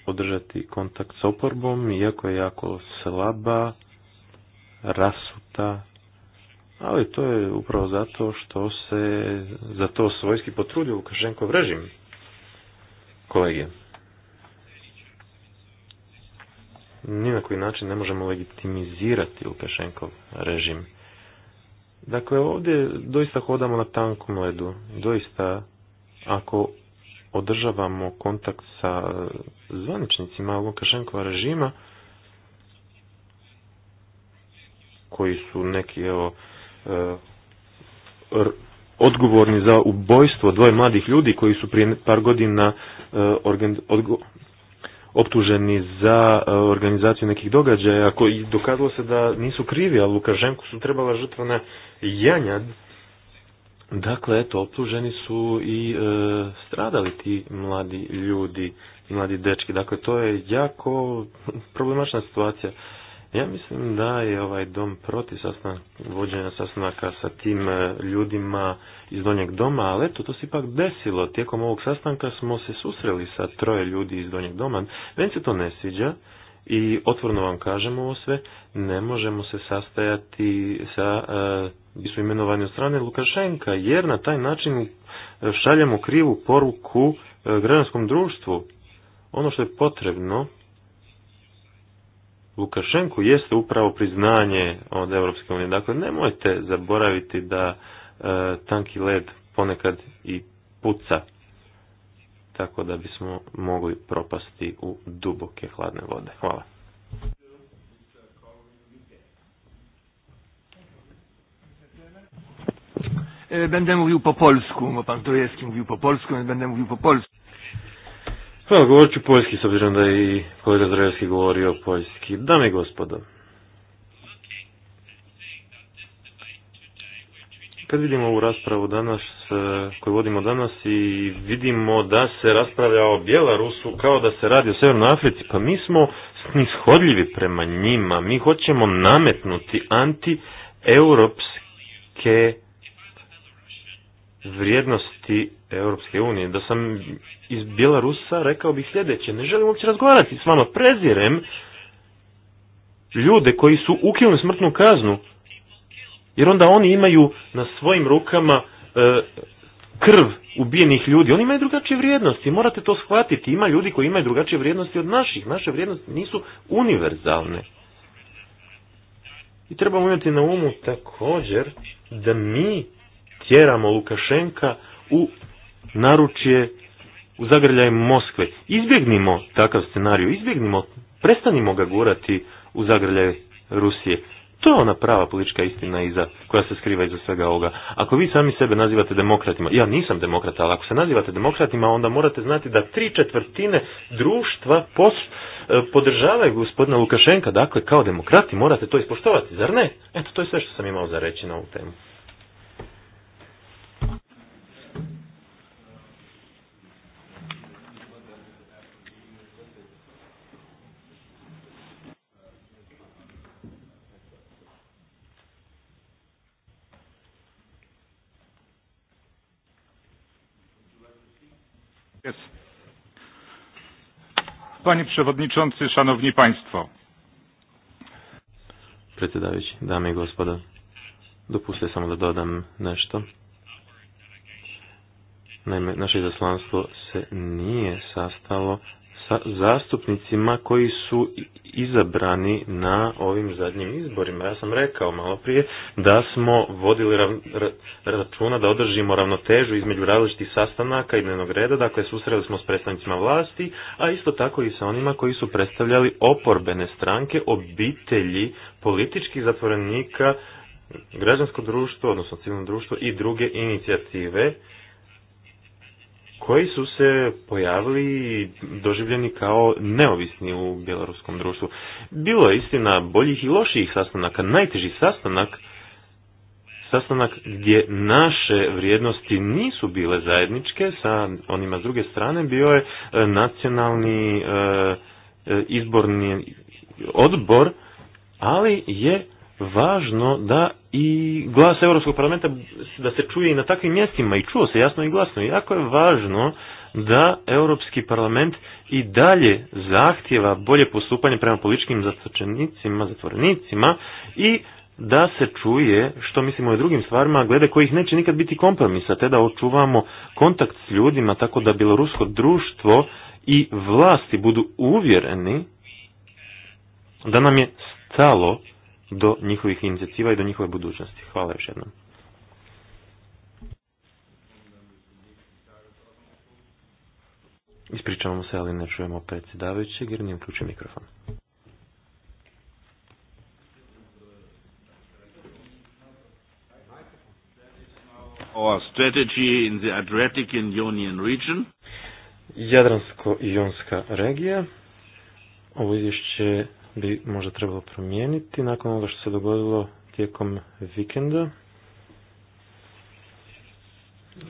održati kontakt s oporbom, iako je jako slaba, rasuta, ali to je upravo zato što se za to svojski potrudio Kašenkov režim, kolege. Ni na koji način ne možemo legitimizirati Lukašenkov režim. Dakle, ovdje doista hodamo na tankom ledu. Doista, ako održavamo kontakt sa e, zvaničnicima Lukašenkova režima, koji su neki evo, e, odgovorni za ubojstvo dvoje mladih ljudi koji su prije par godina e, optuženi za organizaciju nekih događaja koji dokazalo se da nisu krivi, a Lukašenku su trebala žrtvana janja. Dakle, eto, optuženi su i e, stradali ti mladi ljudi, mladi dečki. Dakle, to je jako (laughs) problemačna situacija. Ja mislim da je ovaj dom protiv vođenja sastanaka sa tim e, ljudima iz Donjeg doma, ali eto, to se ipak desilo. Tijekom ovog sastanka smo se susreli sa troje ljudi iz Donjeg doma. Meni se to ne sviđa i otvorno vam kažem ovo sve, ne možemo se sastajati sa e, su imenovani od strane Lukašenka, jer na taj način e, šaljemo krivu poruku e, građanskom društvu. Ono što je potrebno Lukašenku jeste upravo priznanje od EU. unije. Dakle, nemojte zaboraviti da e, tanki led ponekad i puca, tako da bismo mogli propasti u duboke hladne vode. Hvala. E, będę mówił po polsku, bo pan Trojewski mówił po polsku, więc będę mówił po polsku. No, govorit ću poljski s obzirom da je i kolega Zrajevski govorio poljski. Dame i gospodo, kad vidimo ovu raspravu danas, e, koju vodimo danas i vidimo da se raspravlja o Bjelarusu kao da se radi o Severnoj Africi, pa mi smo snishodljivi prema njima, mi hoćemo nametnuti anti-europske vrijednosti Europske unije. Da sam iz Bjelarusa rekao bih sljedeće, ne želim uopće razgovarati s vama, prezirem ljude koji su ukinuli smrtnu kaznu, jer onda oni imaju na svojim rukama e, krv ubijenih ljudi, oni imaju drugačije vrijednosti, morate to shvatiti, ima ljudi koji imaju drugačije vrijednosti od naših, naše vrijednosti nisu univerzalne. I trebamo imati na umu također da mi tjeramo Lukašenka u naručje u zagrljaj Moskve. Izbjegnimo takav scenariju, izbjegnimo, prestanimo ga gurati u zagrljaj Rusije. To je ona prava politička istina iza, koja se skriva iza svega ovoga. Ako vi sami sebe nazivate demokratima, ja nisam demokrat, ali ako se nazivate demokratima, onda morate znati da tri četvrtine društva pos, e, podržavaju gospodina Lukašenka. Dakle, kao demokrati morate to ispoštovati, zar ne? Eto, to je sve što sam imao za reći na ovu temu. Panie Przewodniczący, Szanowni Państwo. Predsjedavajući, dame i gospoda dopustite samo da dodam nešto. Naime, naše izaslanstvo se nije sastalo sa zastupnicima koji su izabrani na ovim zadnjim izborima. Ja sam rekao malo prije da smo vodili računa da održimo ravnotežu između različitih sastanaka i dnevnog reda, dakle susreli smo s predstavnicima vlasti, a isto tako i sa onima koji su predstavljali oporbene stranke, obitelji političkih zatvorenika, građansko društvo, odnosno civilno društvo i druge inicijative koji su se pojavili doživljeni kao neovisni u bjeloruskom društvu. Bilo je istina boljih i loših sastanaka, najteži sastanak, sastanak gdje naše vrijednosti nisu bile zajedničke sa onima s druge strane, bio je e, nacionalni e, e, izborni odbor, ali je važno da i glas Europskog parlamenta da se čuje i na takvim mjestima i čuo se jasno i glasno. Jako je važno da Europski parlament i dalje zahtjeva bolje postupanje prema političkim zatočenicima, zatvorenicima i da se čuje što mislimo o drugim stvarima glede kojih neće nikad biti kompromisa, te da očuvamo kontakt s ljudima tako da bjelorusko društvo i vlasti budu uvjereni da nam je stalo do njihovih inicijativa i do njihove budućnosti. Hvala još jednom. Ispričavamo se, ali ne čujemo predsjedavajuće, jer nije uključio mikrofon. strategy in Jadransko-ionska regija. Ovo izvješće bi možda trebalo promijeniti nakon onoga što se dogodilo tijekom vikenda.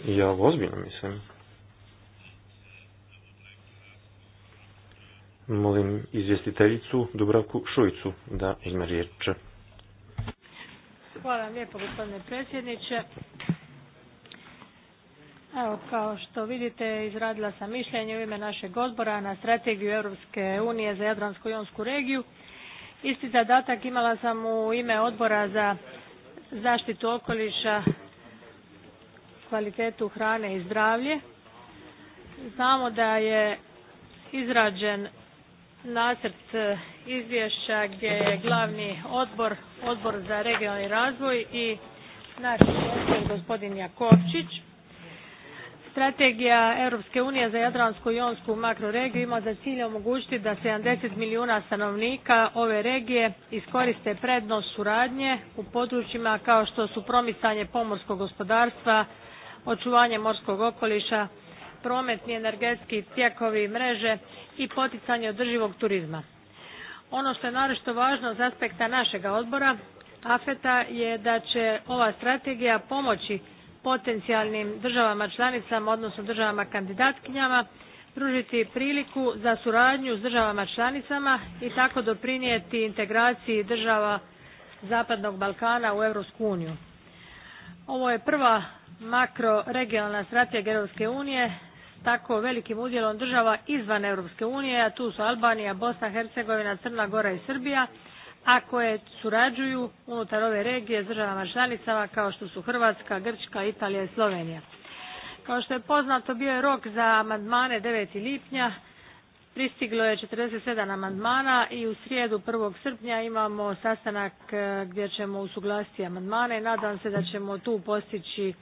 Ja ovo ozbiljno mislim. Molim izvjestiteljicu Dubravku Šujicu da uzme riječ. Hvala vam lijepo gospodine predsjedniče. Evo, kao što vidite, izradila sam mišljenje u ime našeg odbora na strategiju Europske unije za jadransko Jonsku regiju. Isti zadatak imala sam u ime odbora za zaštitu okoliša, kvalitetu hrane i zdravlje. Znamo da je izrađen nacrt izvješća gdje je glavni odbor, odbor za regionalni razvoj i naš gospodin Jakovčić Strategija Europske unije za Jadransku i Jonsku makroregiju ima za cilj omogućiti da 70 milijuna stanovnika ove regije iskoriste prednost suradnje u područjima kao što su promicanje pomorskog gospodarstva, očuvanje morskog okoliša, prometni energetski tijekovi mreže i poticanje održivog turizma. Ono što je naročito važno za aspekta našega odbora, AFETA, je da će ova strategija pomoći potencijalnim državama članicama, odnosno državama kandidatkinjama, pružiti priliku za suradnju s državama članicama i tako doprinijeti integraciji država Zapadnog Balkana u Europsku uniju. Ovo je prva makroregionalna strategija Europske unije s tako velikim udjelom država izvan Europske unije, a tu su Albanija, Bosna, Hercegovina, Crna Gora i Srbija, a koje surađuju unutar ove regije s državama članicama kao što su Hrvatska, Grčka, Italija i Slovenija. Kao što je poznato bio je rok za amandmane 9. lipnja, pristiglo je 47 amandmana i u srijedu 1. srpnja imamo sastanak e, gdje ćemo usuglasiti amandmane i nadam se da ćemo tu postići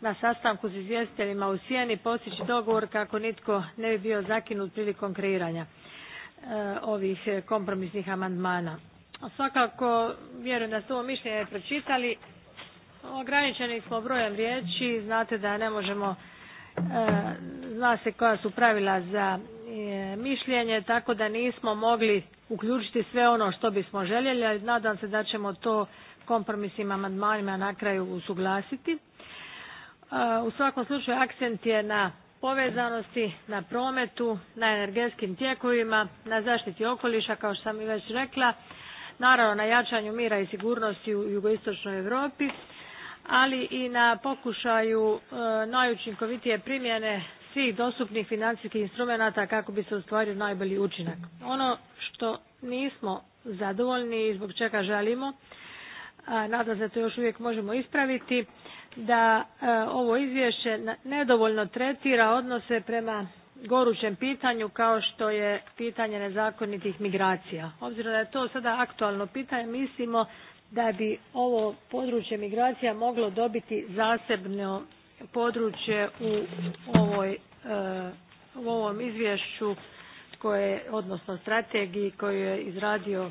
na sastanku s izvjestiteljima u Sijeni postići dogovor kako nitko ne bi bio zakinut prilikom kreiranja e, ovih kompromisnih amandmana. Svakako vjerujem da ste ovo mišljenje pročitali. Ograničeni smo brojem riječi, znate da ne možemo, e, zna se koja su pravila za e, mišljenje, tako da nismo mogli uključiti sve ono što bismo željeli, ali nadam se da ćemo to kompromisima amandmanima na kraju usuglasiti. E, u svakom slučaju akcent je na povezanosti, na prometu, na energetskim tijekovima, na zaštiti okoliša, kao što sam i već rekla, naravno na jačanju mira i sigurnosti u jugoistočnoj Europi, ali i na pokušaju e, najučinkovitije primjene svih dostupnih financijskih instrumenata kako bi se ostvario najbolji učinak. Ono što nismo zadovoljni i zbog čega želimo, nadam se to još uvijek možemo ispraviti, da e, ovo izvješće nedovoljno tretira odnose prema gorućem pitanju kao što je pitanje nezakonitih migracija. Obzirom da je to sada aktualno pitanje, mislimo da bi ovo područje migracija moglo dobiti zasebno područje u, ovoj, eh, u ovom izvješću koje, odnosno strategiji koju je izradio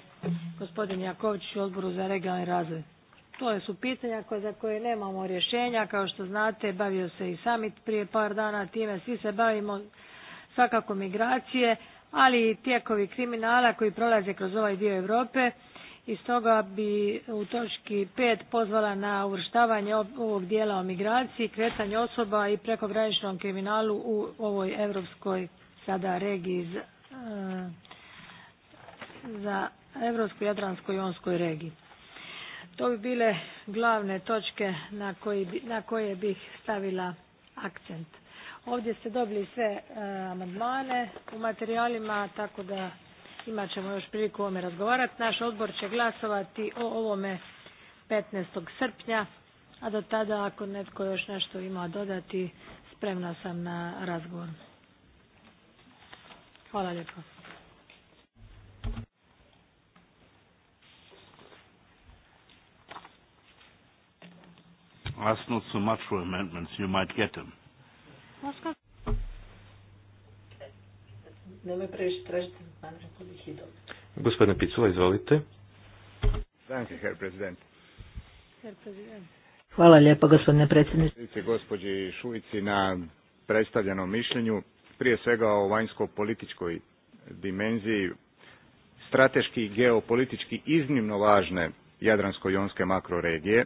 gospodin Jaković u odboru za regionalni razvoj. To su pitanja za koje nemamo rješenja. Kao što znate, bavio se i summit prije par dana time. Svi se bavimo svakako migracije, ali i tijekovi kriminala koji prolaze kroz ovaj dio Europe i stoga bi u točki pet pozvala na uvrštavanje ovog dijela o migraciji, kretanju osoba i prekograničnom kriminalu u ovoj europskoj sada regiji e, za europsku jadransko i jonskoj regiji. To bi bile glavne točke na koje bih stavila akcent. Ovdje ste dobili sve e, amandmane u materijalima, tako da imat ćemo još priliku o ovome razgovarati. Naš odbor će glasovati o ovome 15. srpnja, a do tada ako netko još nešto ima dodati, spremna sam na razgovor. Hvala lijepo. not so much for amendments, you might get them. Moskva. Nemoj previše tražiti Gospodine Picula, izvolite. Danke, herr prezident. Herr Hvala lijepa, gospodine predsjedniče. Gospođi Šuici na predstavljenom mišljenju, prije svega o vanjsko-političkoj dimenziji, strateški i geopolitički iznimno važne Jadransko-jonske makroregije,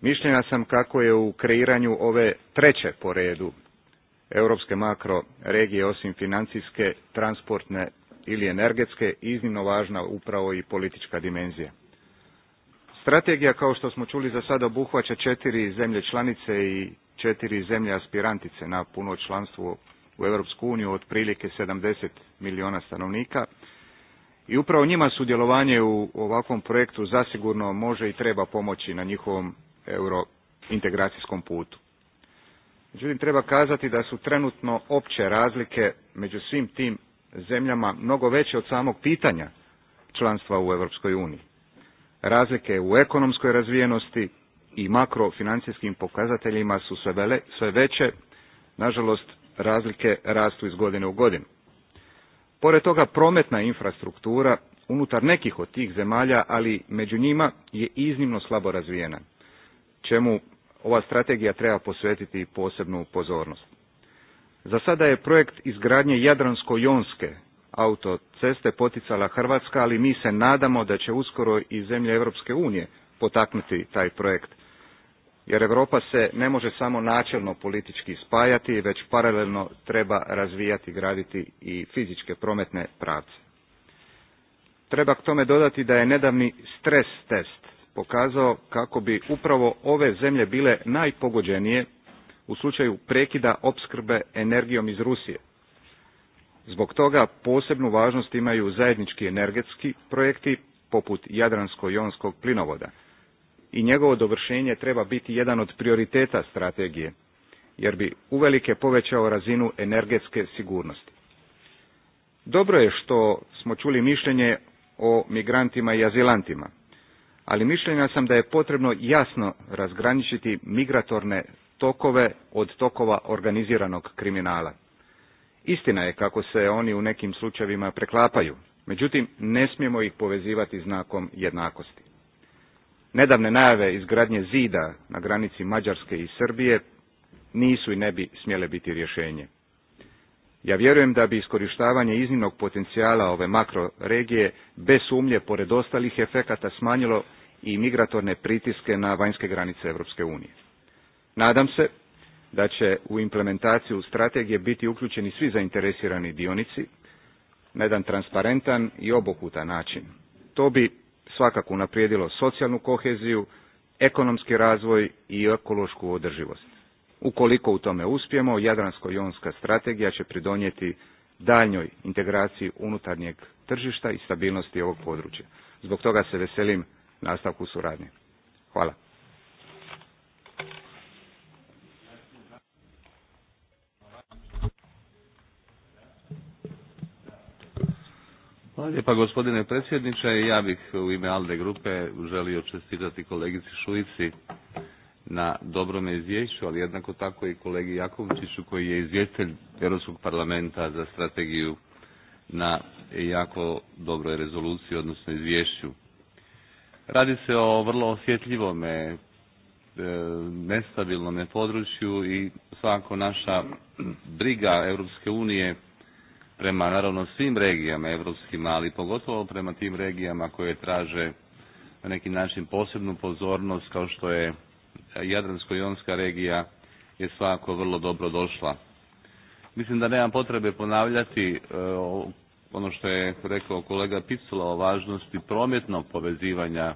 Mišljenja sam kako je u kreiranju ove treće po redu europske makro regije osim financijske, transportne ili energetske iznimno važna upravo i politička dimenzija. Strategija kao što smo čuli za sada obuhvaća četiri zemlje članice i četiri zemlje aspirantice na puno članstvo u Europsku uniju otprilike 70 milijuna stanovnika i upravo njima sudjelovanje u ovakvom projektu zasigurno može i treba pomoći na njihovom eurointegracijskom putu. Međutim, treba kazati da su trenutno opće razlike među svim tim zemljama mnogo veće od samog pitanja članstva u Europskoj uniji. Razlike u ekonomskoj razvijenosti i makrofinancijskim pokazateljima su sve veće, nažalost razlike rastu iz godine u godinu. Pored toga prometna infrastruktura unutar nekih od tih zemalja, ali među njima je iznimno slabo razvijena čemu ova strategija treba posvetiti posebnu pozornost. Za sada je projekt izgradnje Jadransko-Jonske autoceste poticala Hrvatska, ali mi se nadamo da će uskoro i zemlje Europske unije potaknuti taj projekt. Jer Europa se ne može samo načelno politički spajati, već paralelno treba razvijati, graditi i fizičke prometne pravce. Treba k tome dodati da je nedavni stres test pokazao kako bi upravo ove zemlje bile najpogođenije u slučaju prekida opskrbe energijom iz Rusije. Zbog toga posebnu važnost imaju zajednički energetski projekti poput Jadransko-jonskog plinovoda i njegovo dovršenje treba biti jedan od prioriteta strategije jer bi uvelike povećao razinu energetske sigurnosti. Dobro je što smo čuli mišljenje o migrantima i azilantima ali mišljenja sam da je potrebno jasno razgraničiti migratorne tokove od tokova organiziranog kriminala. Istina je kako se oni u nekim slučajevima preklapaju, međutim ne smijemo ih povezivati znakom jednakosti. Nedavne najave izgradnje zida na granici Mađarske i Srbije nisu i ne bi smjele biti rješenje. Ja vjerujem da bi iskorištavanje iznimnog potencijala ove makroregije bez sumnje pored ostalih efekata smanjilo i migratorne pritiske na vanjske granice Europske unije. Nadam se da će u implementaciju strategije biti uključeni svi zainteresirani dionici na jedan transparentan i obokutan način. To bi svakako naprijedilo socijalnu koheziju, ekonomski razvoj i ekološku održivost. Ukoliko u tome uspijemo, Jadransko-jonska strategija će pridonijeti daljnjoj integraciji unutarnjeg tržišta i stabilnosti ovog područja. Zbog toga se veselim nastavku suradnje. Hvala. Hvala lijepa gospodine predsjedniče. Ja bih u ime ALDE grupe želio čestitati kolegici Šuici na dobrome izvješću, ali jednako tako i kolegi Jakovčiću koji je izvjestitelj Europskog parlamenta za strategiju na jako dobroj rezoluciji, odnosno izvješću. Radi se o vrlo osjetljivome, e, nestabilnome području i svako naša briga Europske unije prema naravno svim regijama europskim, ali pogotovo prema tim regijama koje traže na neki način posebnu pozornost kao što je Jadransko-jonska regija je svakako vrlo dobro došla. Mislim da nemam potrebe ponavljati e, ono što je rekao kolega Picula o važnosti prometnog povezivanja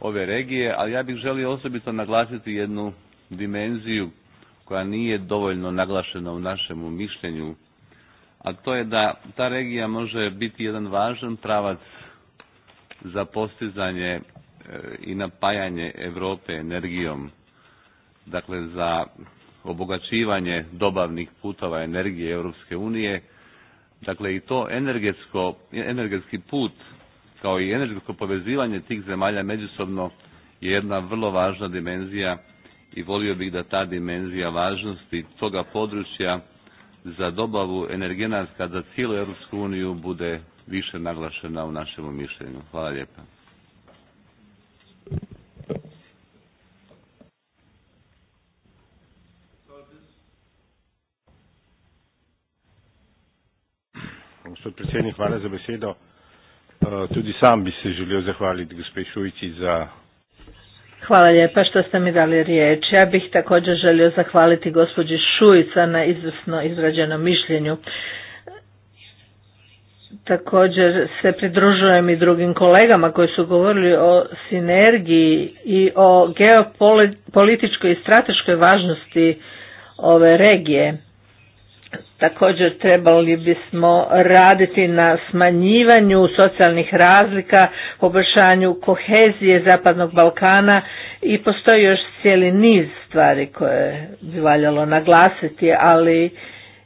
ove regije, ali ja bih želio osobito naglasiti jednu dimenziju koja nije dovoljno naglašena u našemu mišljenju, a to je da ta regija može biti jedan važan pravac za postizanje e, i napajanje Europe energijom, dakle za obogaćivanje dobavnih putova energije Europske unije, Dakle, i to energetsko, energetski put kao i energetsko povezivanje tih zemalja međusobno je jedna vrlo važna dimenzija i volio bih da ta dimenzija važnosti toga područja za dobavu energenata za cijelu Europsku uniju bude više naglašena u našem mišljenju. Hvala lijepa. Gospod predsednik, hvala za besedo. Eh, tudi sam bi se želio zahvaliti gospe Šujici za... Hvala lijepa što ste mi dali riječ. Ja bih također želio zahvaliti gospođi Šujica na izvrsno izrađenom mišljenju. Također se pridružujem i drugim kolegama koji su govorili o sinergiji i o geopolitičkoj i strateškoj važnosti ove regije. Također trebali bismo raditi na smanjivanju socijalnih razlika, poboljšanju kohezije Zapadnog Balkana i postoji još cijeli niz stvari koje bi valjalo naglasiti, ali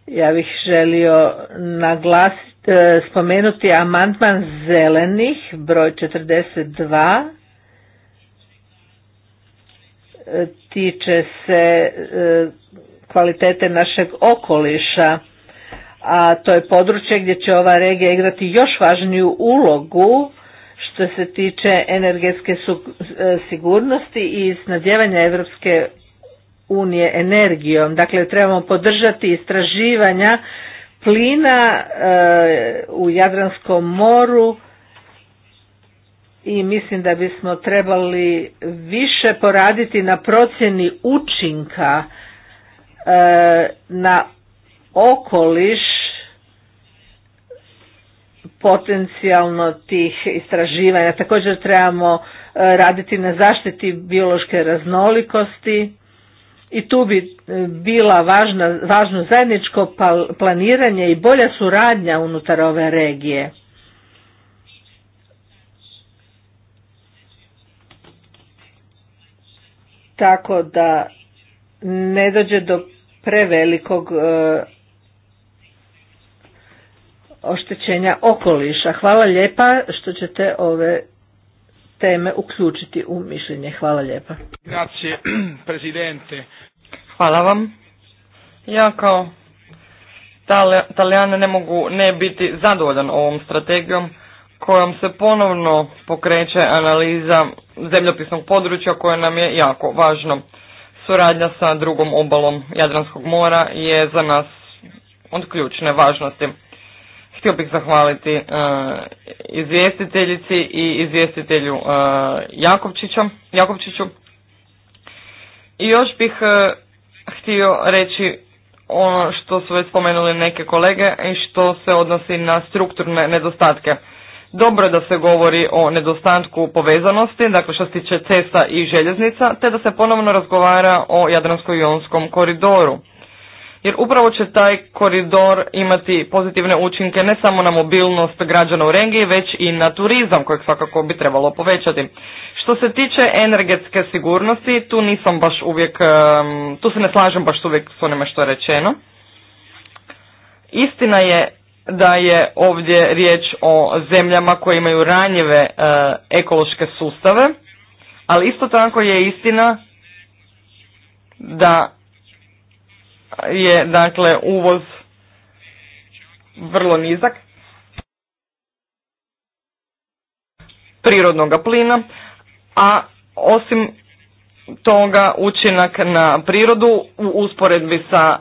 ja bih želio naglasiti, e, spomenuti amandman zelenih broj 42 e, tiče se e, kvalitete našeg okoliša a to je područje gdje će ova regija igrati još važniju ulogu što se tiče energetske e, sigurnosti i snadjevanja Evropske unije energijom. Dakle, trebamo podržati istraživanja plina e, u Jadranskom moru i mislim da bismo trebali više poraditi na procjeni učinka E, na okoliš potencijalno tih istraživanja. Također trebamo e, raditi na zaštiti biološke raznolikosti i tu bi e, bila važna, važno zajedničko planiranje i bolja suradnja unutar ove regije. Tako da ne dođe do prevelikog e, oštećenja okoliša. Hvala lijepa što ćete ove teme uključiti u mišljenje. Hvala lijepa. Grazie, (clears throat) presidente. Hvala vam. Ja kao Talijana ne mogu ne biti zadovoljan ovom strategijom kojom se ponovno pokreće analiza zemljopisnog područja koje nam je jako važno. Suradnja sa drugom obalom Jadranskog mora je za nas od ključne važnosti. Htio bih zahvaliti e, izvjestiteljici i izvjestitelju e, Jakovčiću. I još bih e, htio reći ono što su već spomenuli neke kolege i što se odnosi na strukturne nedostatke. Dobro je da se govori o nedostatku povezanosti, dakle što se tiče cesta i željeznica, te da se ponovno razgovara o Jadransko-Jonskom koridoru. Jer upravo će taj koridor imati pozitivne učinke ne samo na mobilnost građana u regiji, već i na turizam kojeg svakako bi trebalo povećati. Što se tiče energetske sigurnosti, tu nisam baš uvijek, tu se ne slažem baš uvijek s onime što je rečeno. Istina je da je ovdje riječ o zemljama koje imaju ranjive e, ekološke sustave, ali isto tako je istina da je dakle uvoz vrlo nizak prirodnog plina, a osim toga učinak na prirodu u usporedbi sa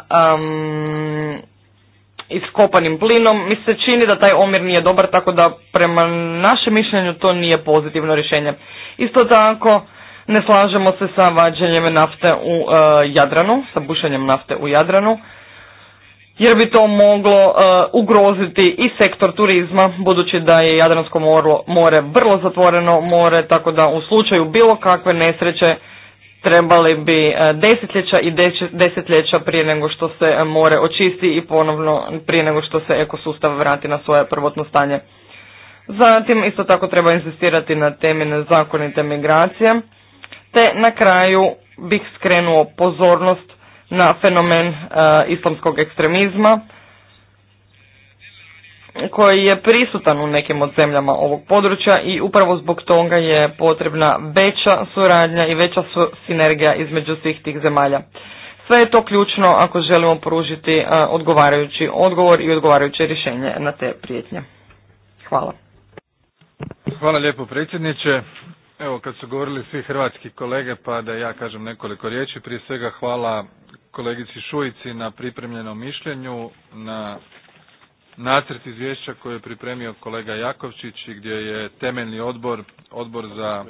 iskopanim plinom, mi se čini da taj omir nije dobar, tako da prema našem mišljenju to nije pozitivno rješenje. Isto tako, ne slažemo se sa vađanjem nafte u e, Jadranu, sa bušenjem nafte u Jadranu, jer bi to moglo e, ugroziti i sektor turizma, budući da je Jadransko more vrlo zatvoreno more, tako da u slučaju bilo kakve nesreće trebali bi e, desetljeća i desetljeća prije nego što se e, more očisti i ponovno prije nego što se ekosustav vrati na svoje prvotno stanje. Zatim isto tako treba insistirati na temi nezakonite migracije, te na kraju bih skrenuo pozornost na fenomen e, islamskog ekstremizma koji je prisutan u nekim od zemljama ovog područja i upravo zbog toga je potrebna veća suradnja i veća sinergija između svih tih zemalja. Sve je to ključno ako želimo pružiti e, odgovarajući odgovor i odgovarajuće rješenje na te prijetnje. Hvala. Hvala lijepo predsjedniče. Evo kad su govorili svi hrvatski kolege pa da ja kažem nekoliko riječi. Prije svega hvala kolegici Šujici na pripremljenom mišljenju, na nacrt izvješća koje je pripremio kolega Jakovčić i gdje je temeljni odbor, odbor za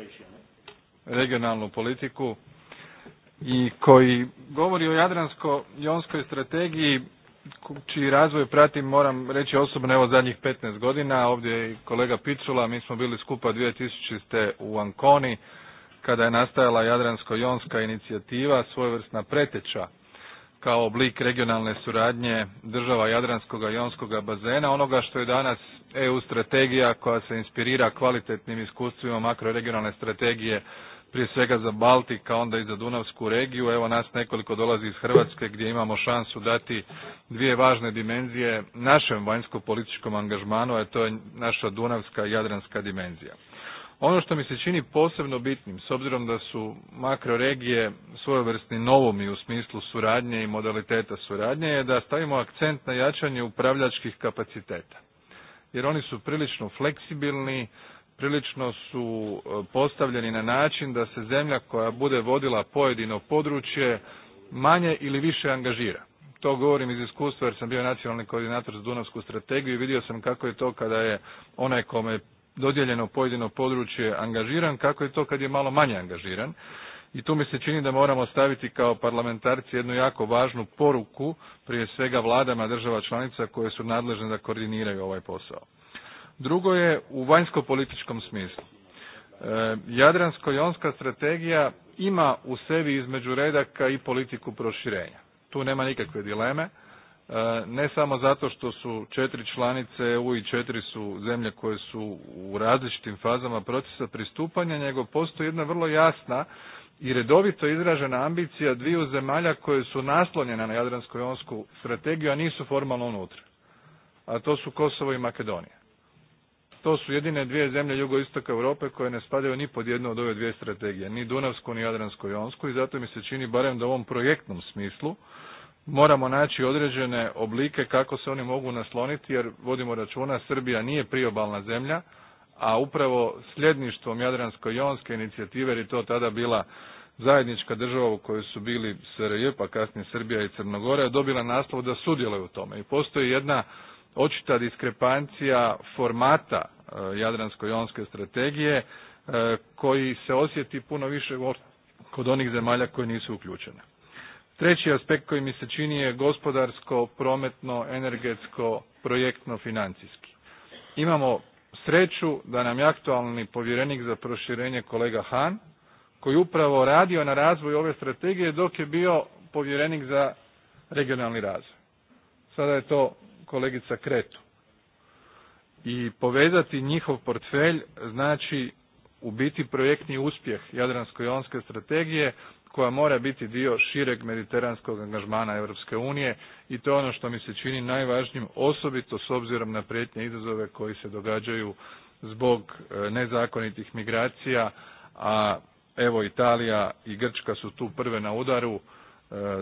regionalnu politiku i koji govori o Jadransko-Jonskoj strategiji čiji razvoj pratim moram reći osobno evo zadnjih 15 godina. Ovdje je i kolega Picula, mi smo bili skupa 2000. u Ankoni kada je nastajala Jadransko-Jonska inicijativa svojevrsna preteča kao oblik regionalne suradnje država Jadranskog i Jonskog bazena, onoga što je danas EU strategija koja se inspirira kvalitetnim iskustvima makroregionalne strategije prije svega za Baltik, a onda i za Dunavsku regiju. Evo nas nekoliko dolazi iz Hrvatske gdje imamo šansu dati dvije važne dimenzije našem vanjsko-političkom angažmanu, a to je naša Dunavska i Jadranska dimenzija. Ono što mi se čini posebno bitnim, s obzirom da su makroregije svojevrsni novomi u smislu suradnje i modaliteta suradnje, je da stavimo akcent na jačanje upravljačkih kapaciteta. Jer oni su prilično fleksibilni, prilično su e, postavljeni na način da se zemlja koja bude vodila pojedino područje manje ili više angažira. To govorim iz iskustva jer sam bio nacionalni koordinator za Dunavsku strategiju i vidio sam kako je to kada je onaj kome dodijeljeno pojedino područje angažiran, kako je to kad je malo manje angažiran. I tu mi se čini da moramo staviti kao parlamentarci jednu jako važnu poruku, prije svega vladama država članica koje su nadležne da koordiniraju ovaj posao. Drugo je u vanjsko-političkom smislu. E, Jadransko-jonska strategija ima u sebi između redaka i politiku proširenja. Tu nema nikakve dileme E, ne samo zato što su četiri članice EU i četiri su zemlje koje su u različitim fazama procesa pristupanja, nego postoji jedna vrlo jasna i redovito izražena ambicija dviju zemalja koje su naslonjene na Jadransko-jonsku strategiju, a nisu formalno unutra. A to su Kosovo i Makedonija. To su jedine dvije zemlje jugoistoka Europe koje ne spadaju ni pod jednu od ove dvije strategije, ni Dunavsku, ni Jadransko-jonsku i zato mi se čini barem da u ovom projektnom smislu moramo naći određene oblike kako se oni mogu nasloniti jer vodimo računa Srbija nije priobalna zemlja, a upravo sljedništvom Jadransko-jonske inicijative jer je to tada bila zajednička država u kojoj su bili SRJ pa kasnije Srbija i Crnogora, je dobila naslov da sudjeluje u tome i postoji jedna očita diskrepancija formata e, Jadransko-jonske strategije e, koji se osjeti puno više kod onih zemalja koje nisu uključene. Treći aspekt koji mi se čini je gospodarsko, prometno, energetsko, projektno, financijski. Imamo sreću da nam je aktualni povjerenik za proširenje kolega Han, koji upravo radio na razvoju ove strategije dok je bio povjerenik za regionalni razvoj. Sada je to kolegica Kretu. I povezati njihov portfelj znači u biti projektni uspjeh Jadransko-jonske strategije koja mora biti dio šireg mediteranskog angažmana Europske unije i to je ono što mi se čini najvažnijim osobito s obzirom na prijetnje izazove koji se događaju zbog e, nezakonitih migracija, a evo Italija i Grčka su tu prve na udaru, e,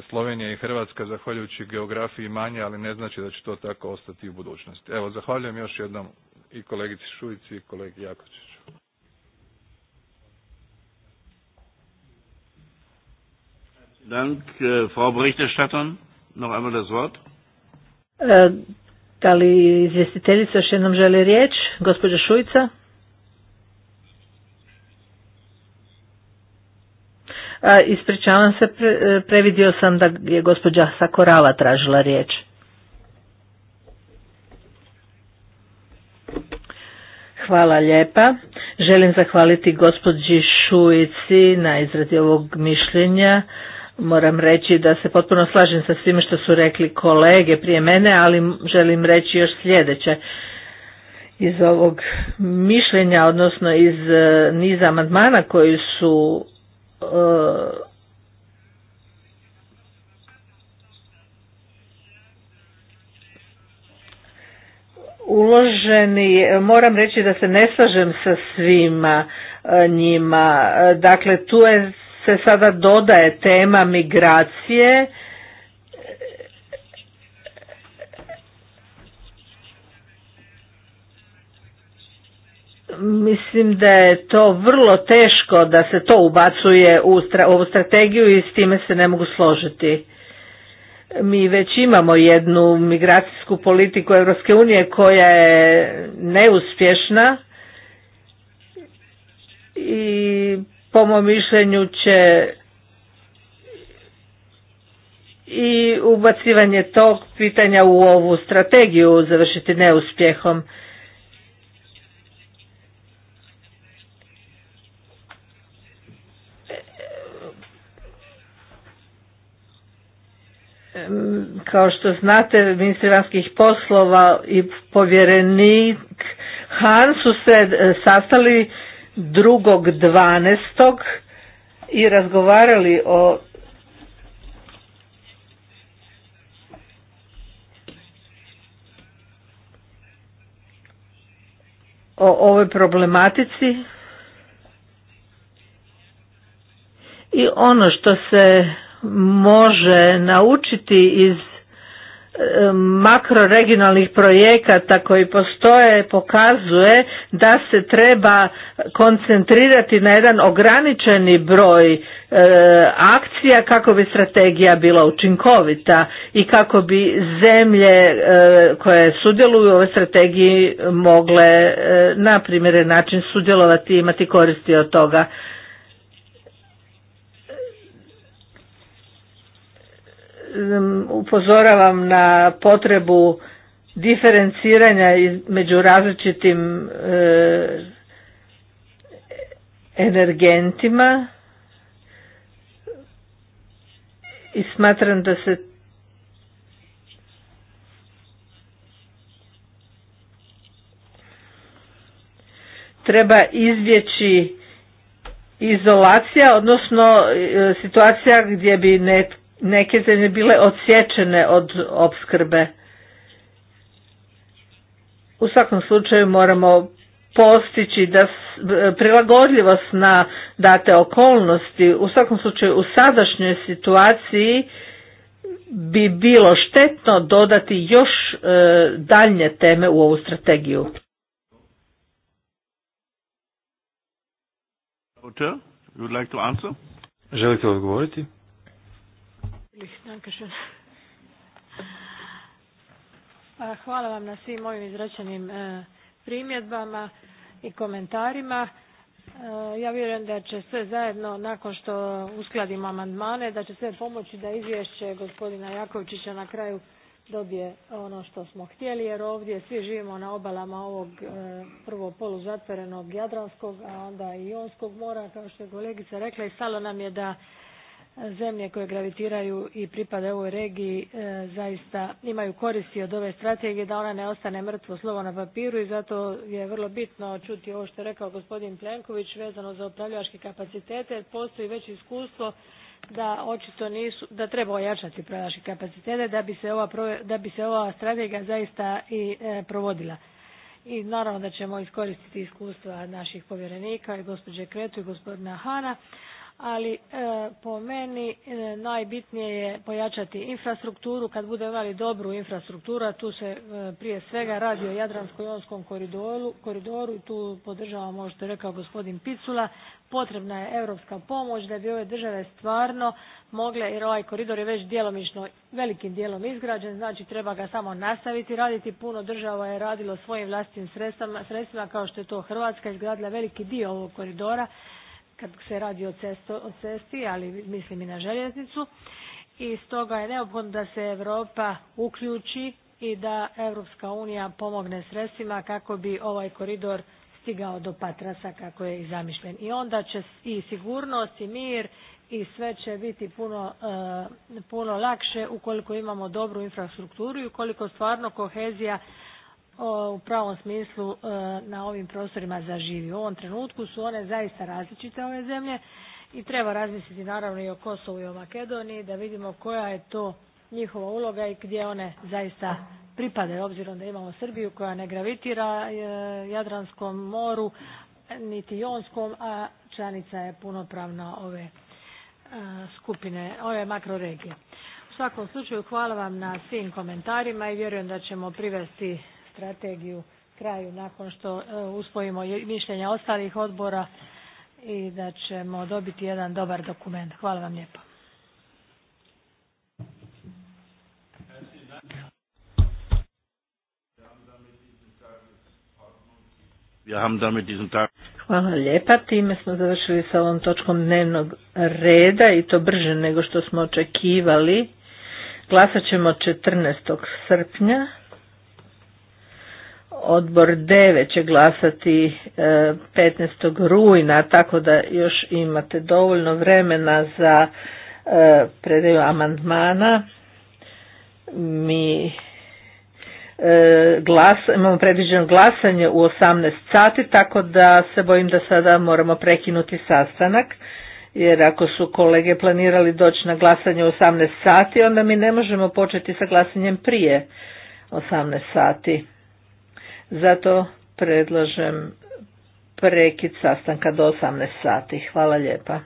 Slovenija i Hrvatska zahvaljujući geografiji manje, ali ne znači da će to tako ostati u budućnosti. Evo, zahvaljujem još jednom i kolegici Šuici i kolegi Jakoviću. Dank. Äh, Frau Berichterstatterin, noch einmal das Wort. E, izvjestiteljica još jednom želi riječ? Gospođa Šujica? a ispričavam se, e, previdio sam da je gospođa Sakorava tražila riječ. Hvala lijepa. Želim zahvaliti gospođi Šujici na izradi ovog mišljenja moram reći da se potpuno slažem sa svime što su rekli kolege prije mene, ali želim reći još sljedeće. Iz ovog mišljenja, odnosno iz e, niza amandmana koji su e, uloženi, moram reći da se ne slažem sa svima e, njima. Dakle, tu je se sada dodaje tema migracije mislim da je to vrlo teško da se to ubacuje u ovu strategiju i s time se ne mogu složiti. Mi već imamo jednu migracijsku politiku Europske unije koja je neuspješna i po mom mišljenju će i ubacivanje tog pitanja u ovu strategiju završiti neuspjehom. Kao što znate, ministri vanjskih poslova i povjerenik Han su se eh, sastali 2.12. i razgovarali o o ovoj problematici i ono što se može naučiti iz makroregionalnih projekata koji postoje pokazuje da se treba koncentrirati na jedan ograničeni broj e, akcija kako bi strategija bila učinkovita i kako bi zemlje e, koje sudjeluju u ovoj strategiji mogle e, na primjeren način sudjelovati i imati koristi od toga. upozoravam na potrebu diferenciranja među različitim e, energentima i smatram da se treba izvjeći izolacija, odnosno e, situacija gdje bi net, neke zemlje bile odsječene od opskrbe. U svakom slučaju moramo postići da prilagodljivost na date okolnosti, u svakom slučaju u sadašnjoj situaciji bi bilo štetno dodati još e, daljnje teme u ovu strategiju. Želite odgovoriti? schön. Pa hvala vam na svim mojim izrečenim e, primjedbama i komentarima. E, ja vjerujem da će sve zajedno, nakon što uskladimo amandmane, da će sve pomoći da izvješće gospodina Jakovčića na kraju dobije ono što smo htjeli, jer ovdje svi živimo na obalama ovog e, prvo poluzatvorenog Jadranskog, a onda i Jonskog mora, kao što je kolegica rekla, i stalo nam je da zemlje koje gravitiraju i pripadaju ovoj regiji e, zaista imaju koristi od ove strategije da ona ne ostane mrtvo slovo na papiru i zato je vrlo bitno čuti ovo što je rekao gospodin Plenković vezano za upravljačke kapacitete jer postoji već iskustvo da očito nisu, da treba ojačati upravljačke kapacitete da bi se ova, da bi se ova strategija zaista i e, provodila. I naravno da ćemo iskoristiti iskustva naših povjerenika i gospođe Kretu i gospodina Hana ali e, po meni e, najbitnije je pojačati infrastrukturu kad budemo imali dobru infrastrukturu a tu se e, prije svega radi o jadransko jonskom koridoru, i tu podržavam možete rekao gospodin picula potrebna je europska pomoć da bi ove države stvarno mogle jer ovaj koridor je već djelomično velikim dijelom izgrađen znači treba ga samo nastaviti raditi puno država je radilo svojim vlastitim sredstvima kao što je to hrvatska izgradila veliki dio ovog koridora kad se radi o, cesto, o cesti, ali mislim i na željeznicu. I stoga je neophodno da se Europa uključi i da Europska unija pomogne sredstvima kako bi ovaj koridor stigao do Patrasa kako je i zamišljen. I onda će i sigurnost i mir i sve će biti puno, eh, puno lakše ukoliko imamo dobru infrastrukturu i ukoliko stvarno kohezija u pravom smislu e, na ovim prostorima zaživi. U ovom trenutku su one zaista različite ove zemlje i treba razmisliti naravno i o Kosovu i o Makedoniji da vidimo koja je to njihova uloga i gdje one zaista pripade, obzirom da imamo Srbiju koja ne gravitira e, Jadranskom moru niti Jonskom, a članica je punopravna ove e, skupine, ove makroregije. U svakom slučaju hvala vam na svim komentarima i vjerujem da ćemo privesti strategiju kraju nakon što e, usvojimo mišljenja ostalih odbora i da ćemo dobiti jedan dobar dokument. Hvala vam lijepo. Hvala lijepa, time smo završili sa ovom točkom dnevnog reda i to brže nego što smo očekivali. Glasat ćemo 14. srpnja odbor 9 će glasati 15. E, rujna, tako da još imate dovoljno vremena za e, predaju amandmana. Mi e, glas, imamo predviđeno glasanje u 18 sati, tako da se bojim da sada moramo prekinuti sastanak. Jer ako su kolege planirali doći na glasanje u 18 sati, onda mi ne možemo početi sa glasanjem prije 18 sati. Zato predlažem prekid sastanka do 18 sati. Hvala lijepa.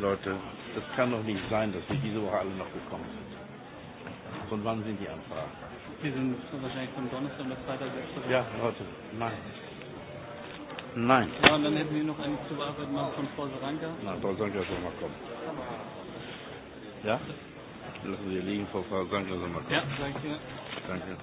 Leute, das kann doch nicht sein, dass wir diese Woche alle noch Von wann sind die Anfragen? Die sind wahrscheinlich von Donnerstag oder Freitag letzte Ja, heute. Nein. Nein. Ja, und dann hätten wir noch eine Zuarbeit machen von Frau Soranka. Na, Frau Soranka soll mal kommen. Ja? Lassen Sie liegen, Frau Soranka soll mal kommen. Ja, danke. Danke.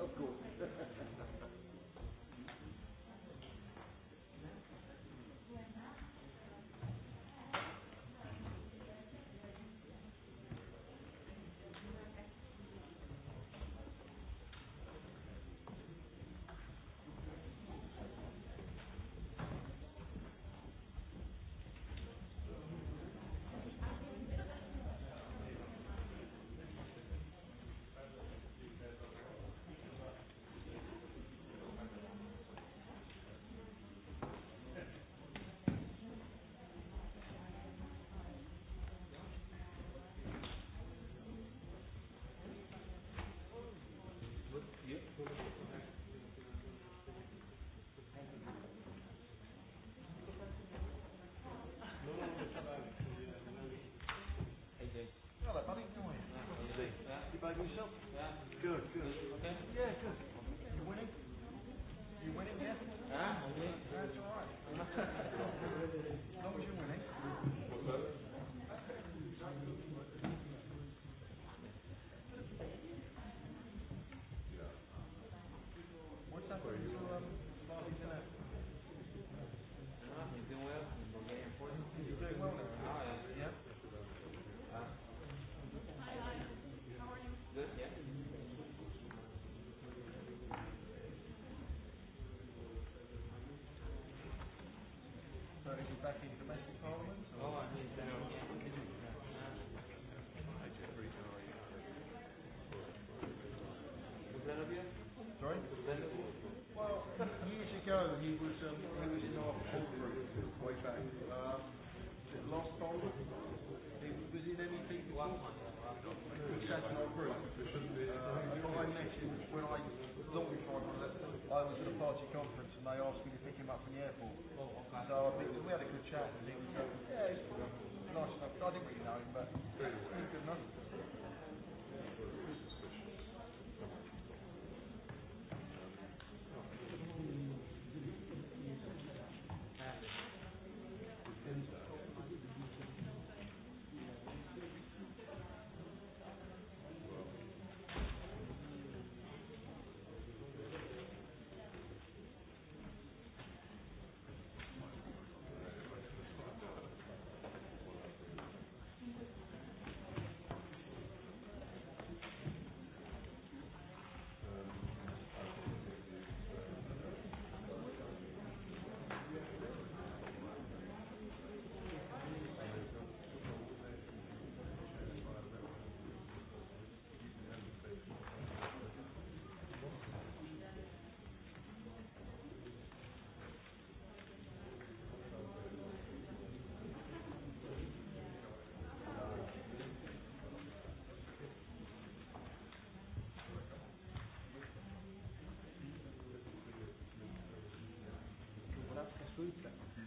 Of course. yourself? Good, good. Yeah, good. You winning? You winning yet? Huh? (laughs) back in domestic parliament? Oh, I mean, no. Sorry? Well, years ago he was um, he was in our full group way back. Um, was it last parliament? He was in anything last one. He sat in our group. Uh, I met him when I long before I left. I was at a party conference and they asked me to pick him up from the airport so we had a good chat. Yeah, he's, nice I we know but. opinion on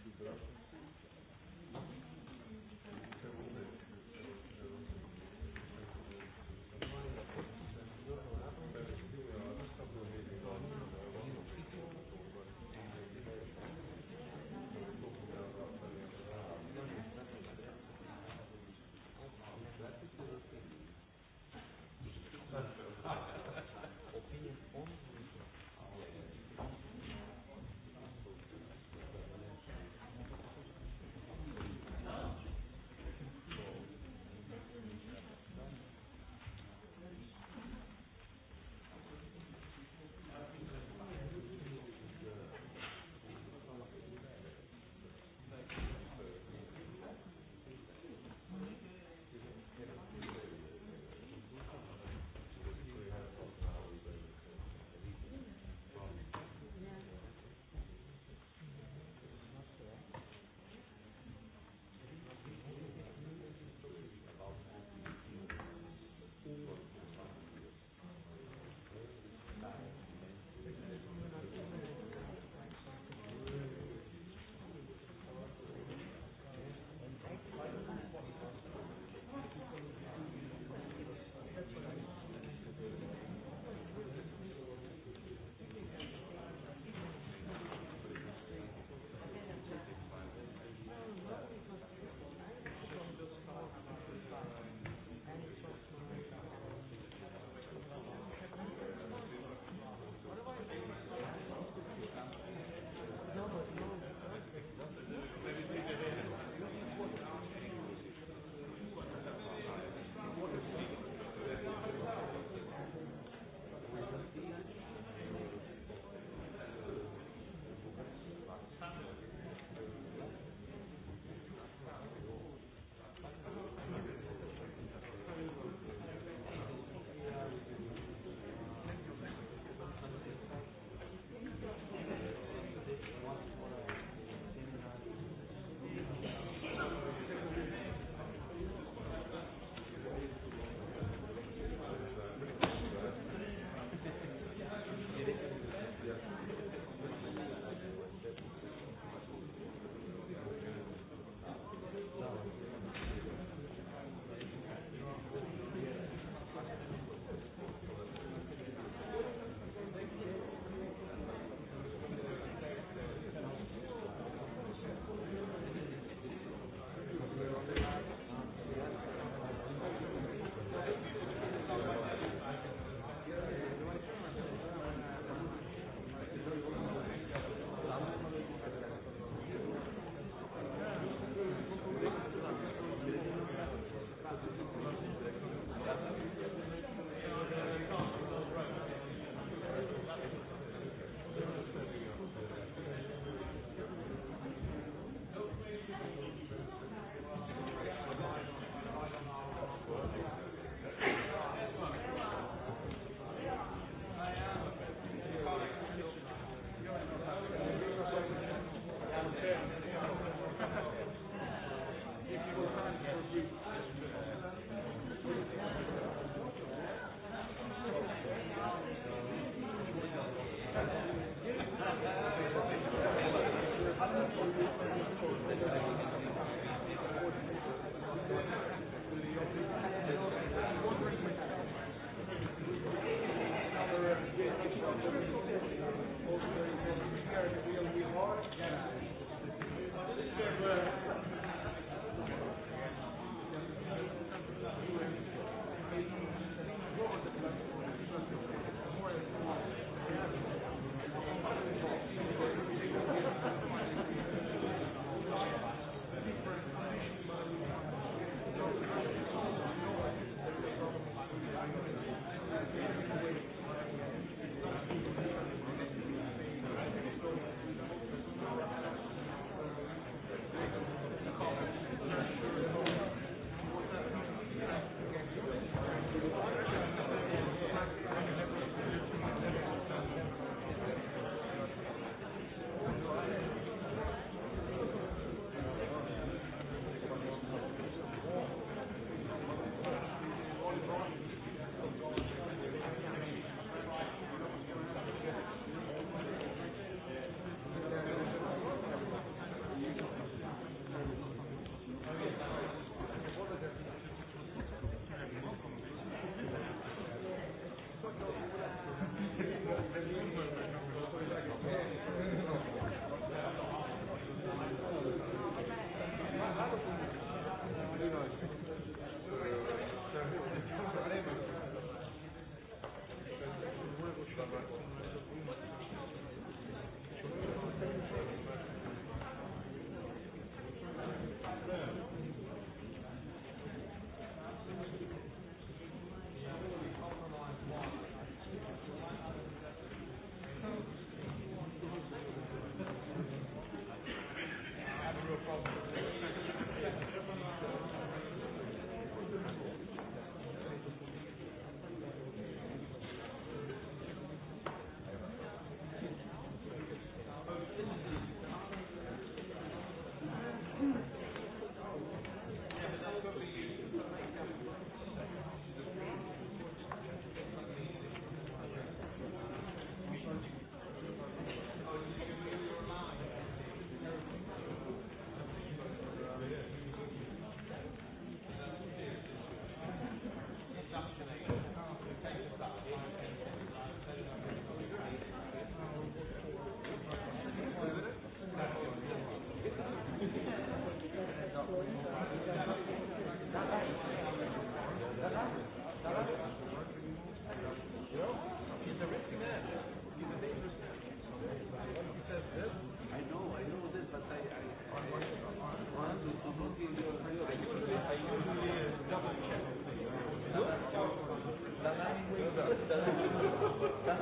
da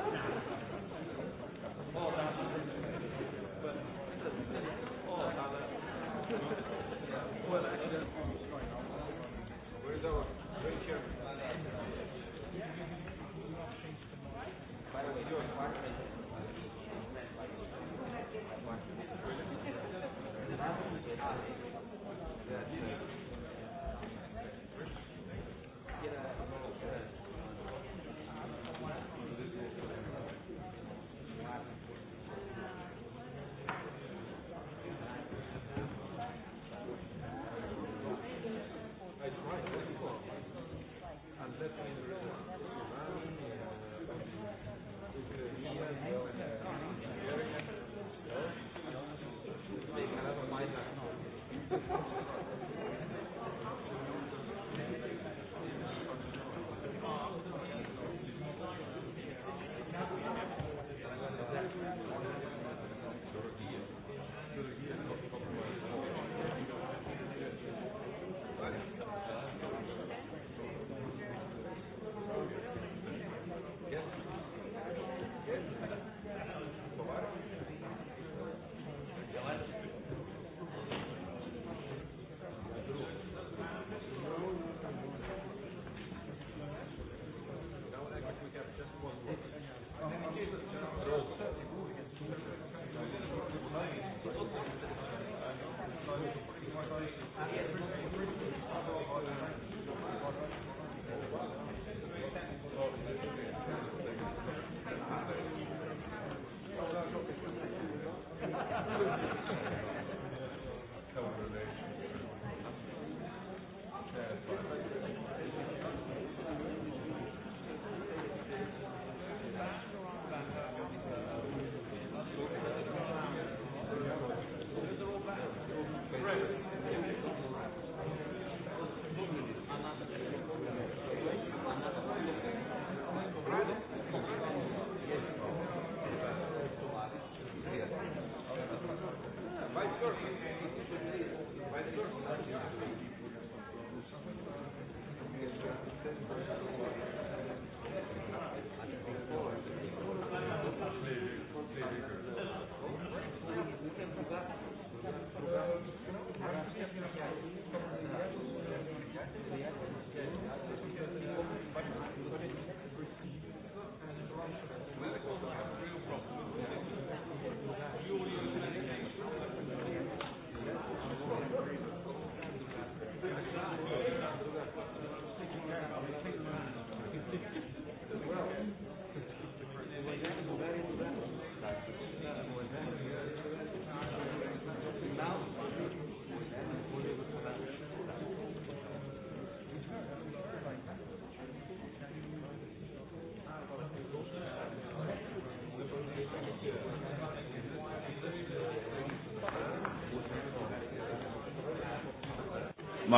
Hvala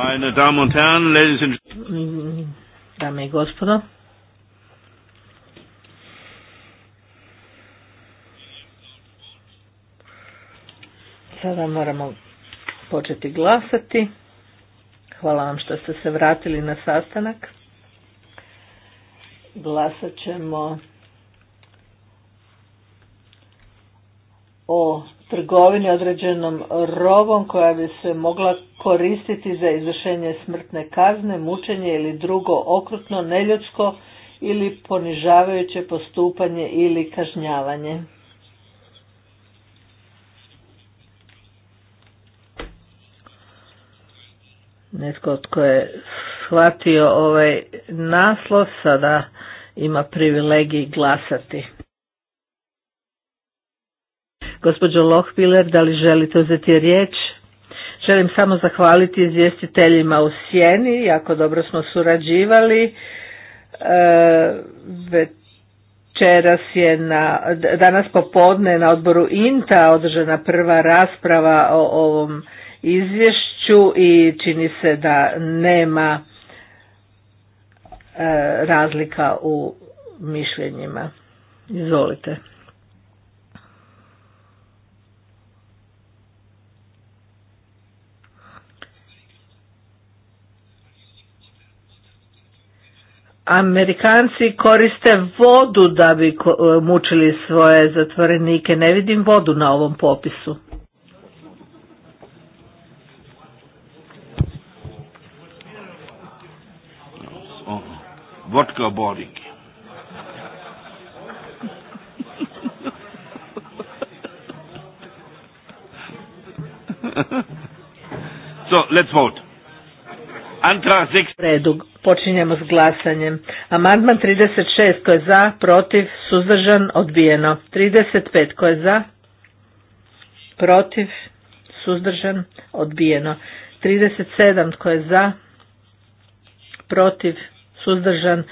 Meine mm, Dame i gospodo. Sada moramo početi glasati. Hvala vam što ste se vratili na sastanak. Glasat ćemo o trgovini određenom robom koja bi se mogla koristiti za izvršenje smrtne kazne, mučenje ili drugo okrutno, neljudsko ili ponižavajuće postupanje ili kažnjavanje. Netko tko je shvatio ovaj naslov sada ima privilegij glasati. Gospođo Lohpiler, da li želite uzeti riječ? Želim samo zahvaliti izvjestiteljima u Sjeni, jako dobro smo surađivali. E, večeras je na, danas popodne na odboru INTA održana prva rasprava o ovom izvješću i čini se da nema e, razlika u mišljenjima. Izvolite. Amerikanci koriste vodu da bi e, mučili svoje zatvorenike. Ne vidim vodu na ovom popisu. Vodka borik. so, let's vote. Počinjemo s glasanjem. Amandman 36 ko je za, protiv, suzdržan, odbijeno. 35 ko je za, protiv, suzdržan, odbijeno. 37 ko je za, protiv, suzdržan,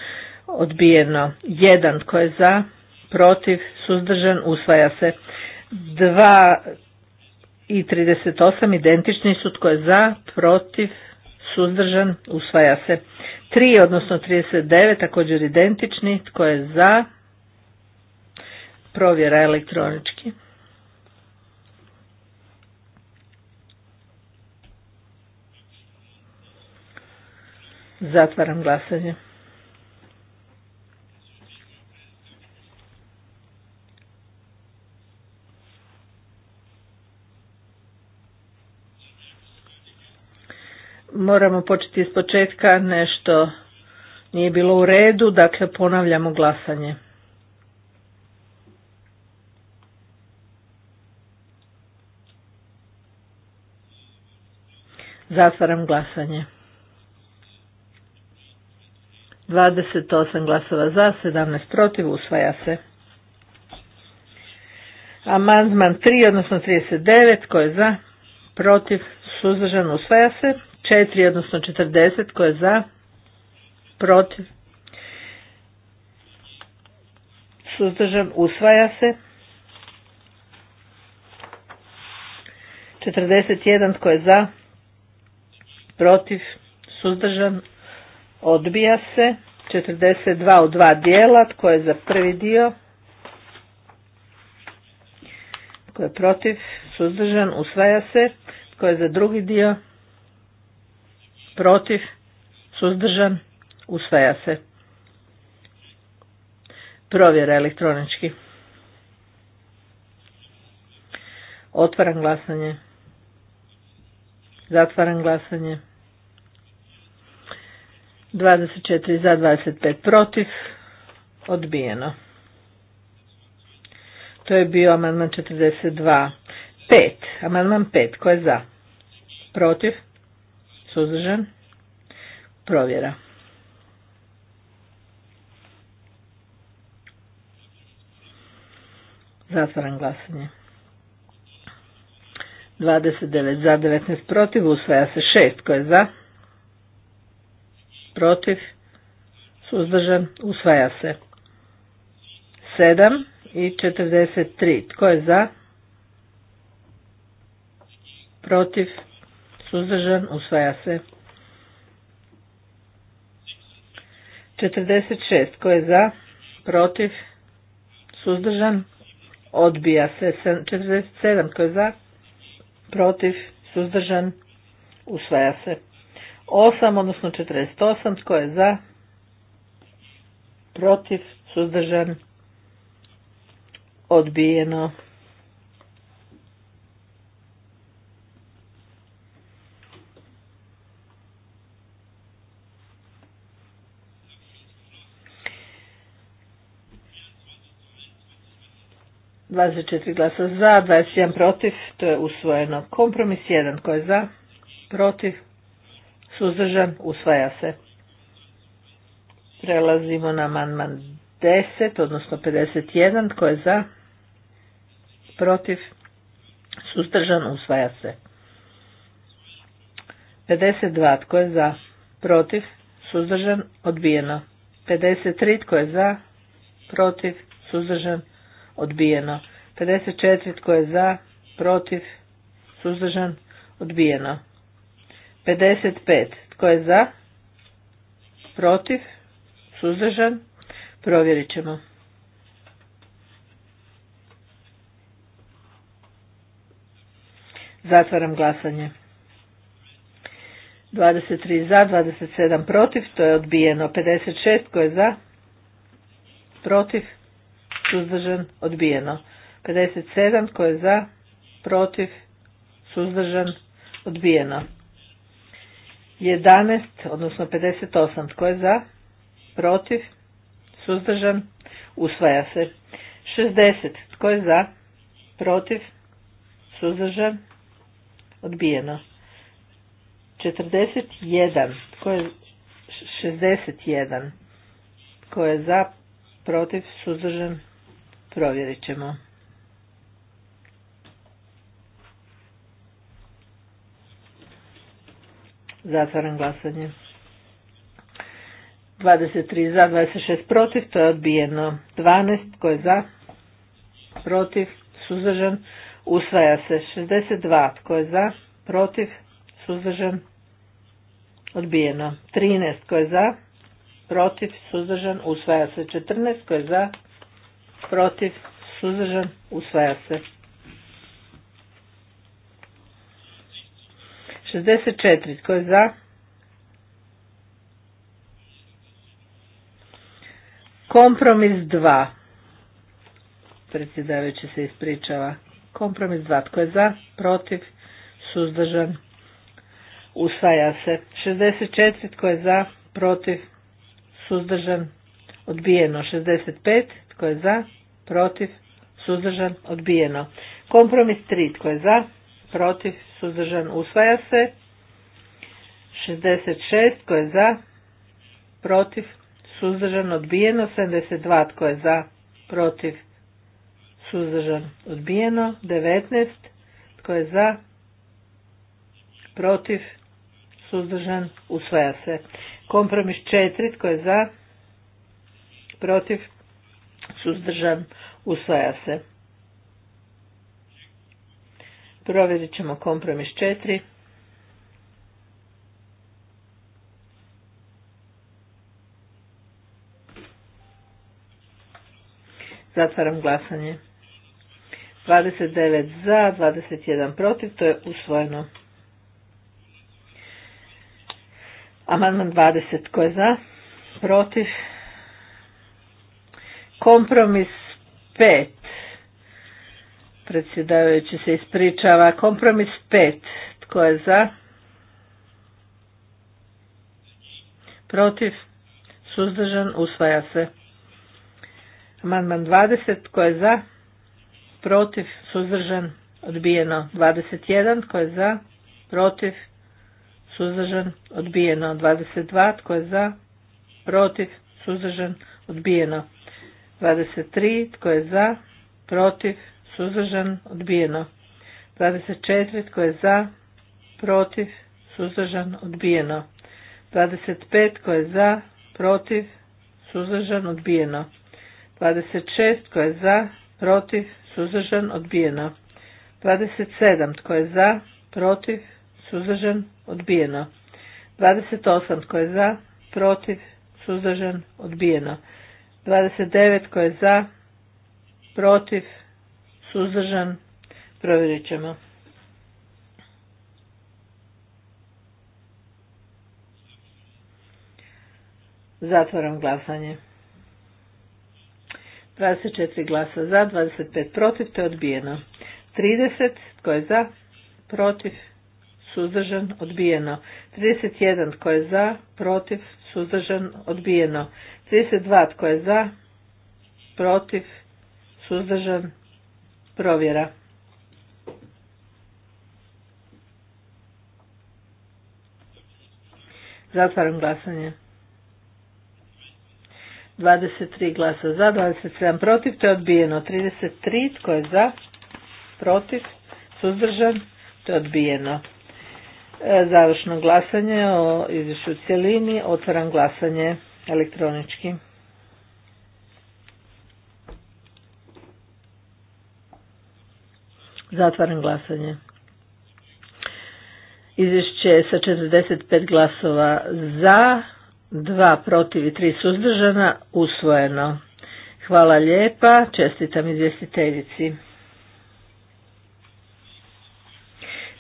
odbijeno. 1 ko je za, protiv, suzdržan, usvaja se. 2 i 38 identični su tko je za, protiv, suzdržan, usvaja se. 3, odnosno 39, također identični, tko je za, provjera elektronički. Zatvaram glasanje. moramo početi iz početka, nešto nije bilo u redu, dakle ponavljamo glasanje. Zatvaram glasanje. 28 glasova za, 17 protiv, usvaja se. Amandman 3, odnosno 39, ko je za, protiv, suzdržan, usvaja se četiri odnosno 40, koje je za, protiv, suzdržan, usvaja se. 41, tko je za, protiv, suzdržan, odbija se. 42 u dva dijela, tko je za prvi dio, tko je protiv, suzdržan, usvaja se. Tko je za drugi dio, protiv, suzdržan, usvaja se. Provjera elektronički. Otvaram glasanje. Zatvaram glasanje. 24 za 25 protiv. Odbijeno. To je bio amandman 42. 5. Amandman 5. Ko je za? Protiv? Suzdržan? Provjera. Zatvaram glasanje. 29 za, 19 protiv, usvaja se 6 koje za, protiv, suzdržan, usvaja se 7 i 43. Tko je za? Protiv, suzdržan, usvaja se. 46. Ko je za? Protiv? Suzdržan? Odbija se. 47. Ko je za? Protiv? Suzdržan? Usvaja se. 8, odnosno 48. Ko je za? Protiv? Suzdržan? Odbijeno. 24 glasa za, 21 protiv, to je usvojeno. Kompromis 1, koji je za, protiv, suzdržan, usvaja se. Prelazimo na amandman 10, odnosno 51, koji je za, protiv, suzdržan, usvaja se. 52, tko je za, protiv, suzdržan, odbijeno. 53, tko je za, protiv, suzdržan, odbijeno. 54 tko je za, protiv, suzdržan, odbijeno. 55 tko je za, protiv, suzdržan, provjerit ćemo. Zatvaram glasanje. 23 za, 27 protiv, to je odbijeno. 56 tko je za, protiv, suzdržan, odbijeno. 57 tko je za, protiv, suzdržan, odbijeno. 11, odnosno 58 tko je za, protiv, suzdržan, usvaja se. 60 tko je za, protiv, suzdržan, odbijeno. 41 tko je 61 tko je za, protiv, suzdržan, Provjerit ćemo. Zatvaram glasanje. 23 za, 26 protiv, to je odbijeno. 12, koje je za, protiv, suzdržan, usvaja se. 62, tko je za, protiv, suzdržan, odbijeno. 13, koje je za, protiv, suzdržan, usvaja se. 14, tko je za, protiv, suzdržan, usvaja se. 64. Tko je za? Kompromis 2. Predsjedavajući se ispričava. Kompromis 2. Tko je za? Protiv, suzdržan, usvaja se. 64. Tko je za? Protiv, suzdržan, odbijeno. 65. Tko je za? protiv, suzdržan, odbijeno. Kompromis 3, tko je za, protiv, suzdržan, usvaja se. 66, tko je za, protiv, suzdržan, odbijeno. 72, tko je za, protiv, suzdržan, odbijeno. 19, tko je za, protiv, suzdržan, usvaja se. Kompromis 4, tko je za, protiv, suzdržan, usvaja se. Provjerit ćemo kompromis 4. Zatvaram glasanje. 29 za, 21 protiv, to je usvojeno. Amandman 20, ko je za? Protiv, Kompromis 5. Predsjedavajući se ispričava. Kompromis 5. Tko je za? Protiv? Suzdržan? Usvaja se. Amandman 20. Tko je za? Protiv? Suzdržan? Odbijeno. 21. Tko je za? Protiv? Suzdržan? Odbijeno. 22. Tko je za? Protiv? Suzdržan? Odbijeno. 23. Tko je za? Protiv? Suzdržan? Odbijeno. 24. Tko je za? Protiv? Suzdržan? Odbijeno. 25. Tko je za? Protiv? Suzdržan? Odbijeno. 26. Tko je za? Protiv? Suzdržan? Odbijeno. 27. Tko je za? Protiv? Suzdržan? Odbijeno. 28. Tko je za? Protiv? Suzdržan? Odbijeno. 29 tko je za, protiv, suzdržan, provjerit ćemo. Zatvaram glasanje. 24 glasa za, 25 protiv, te odbijeno. 30, tko je za, protiv, suzdržan, odbijeno. 31, tko je za, protiv, suzdržan, odbijeno. 32 tko je za, protiv, suzdržan, provjera. Zatvaram glasanje. 23 glasa za, 27 protiv, to je odbijeno. 33, tko je za, protiv, suzdržan, to je odbijeno. E, završno glasanje o izvješću cjelini, otvaram glasanje elektronički. Zatvaram glasanje. Izvješće je sa 45 glasova za, 2 protiv i 3 suzdržana usvojeno. Hvala lijepa, čestitam izvjestiteljici.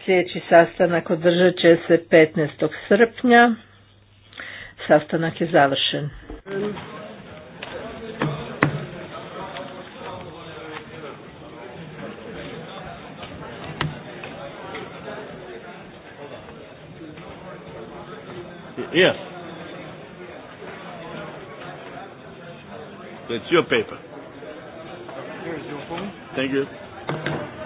Sljedeći sastanak održat će se 15. srpnja. Sastanak je završen. Yes. It's your paper. Here's your phone. Thank you.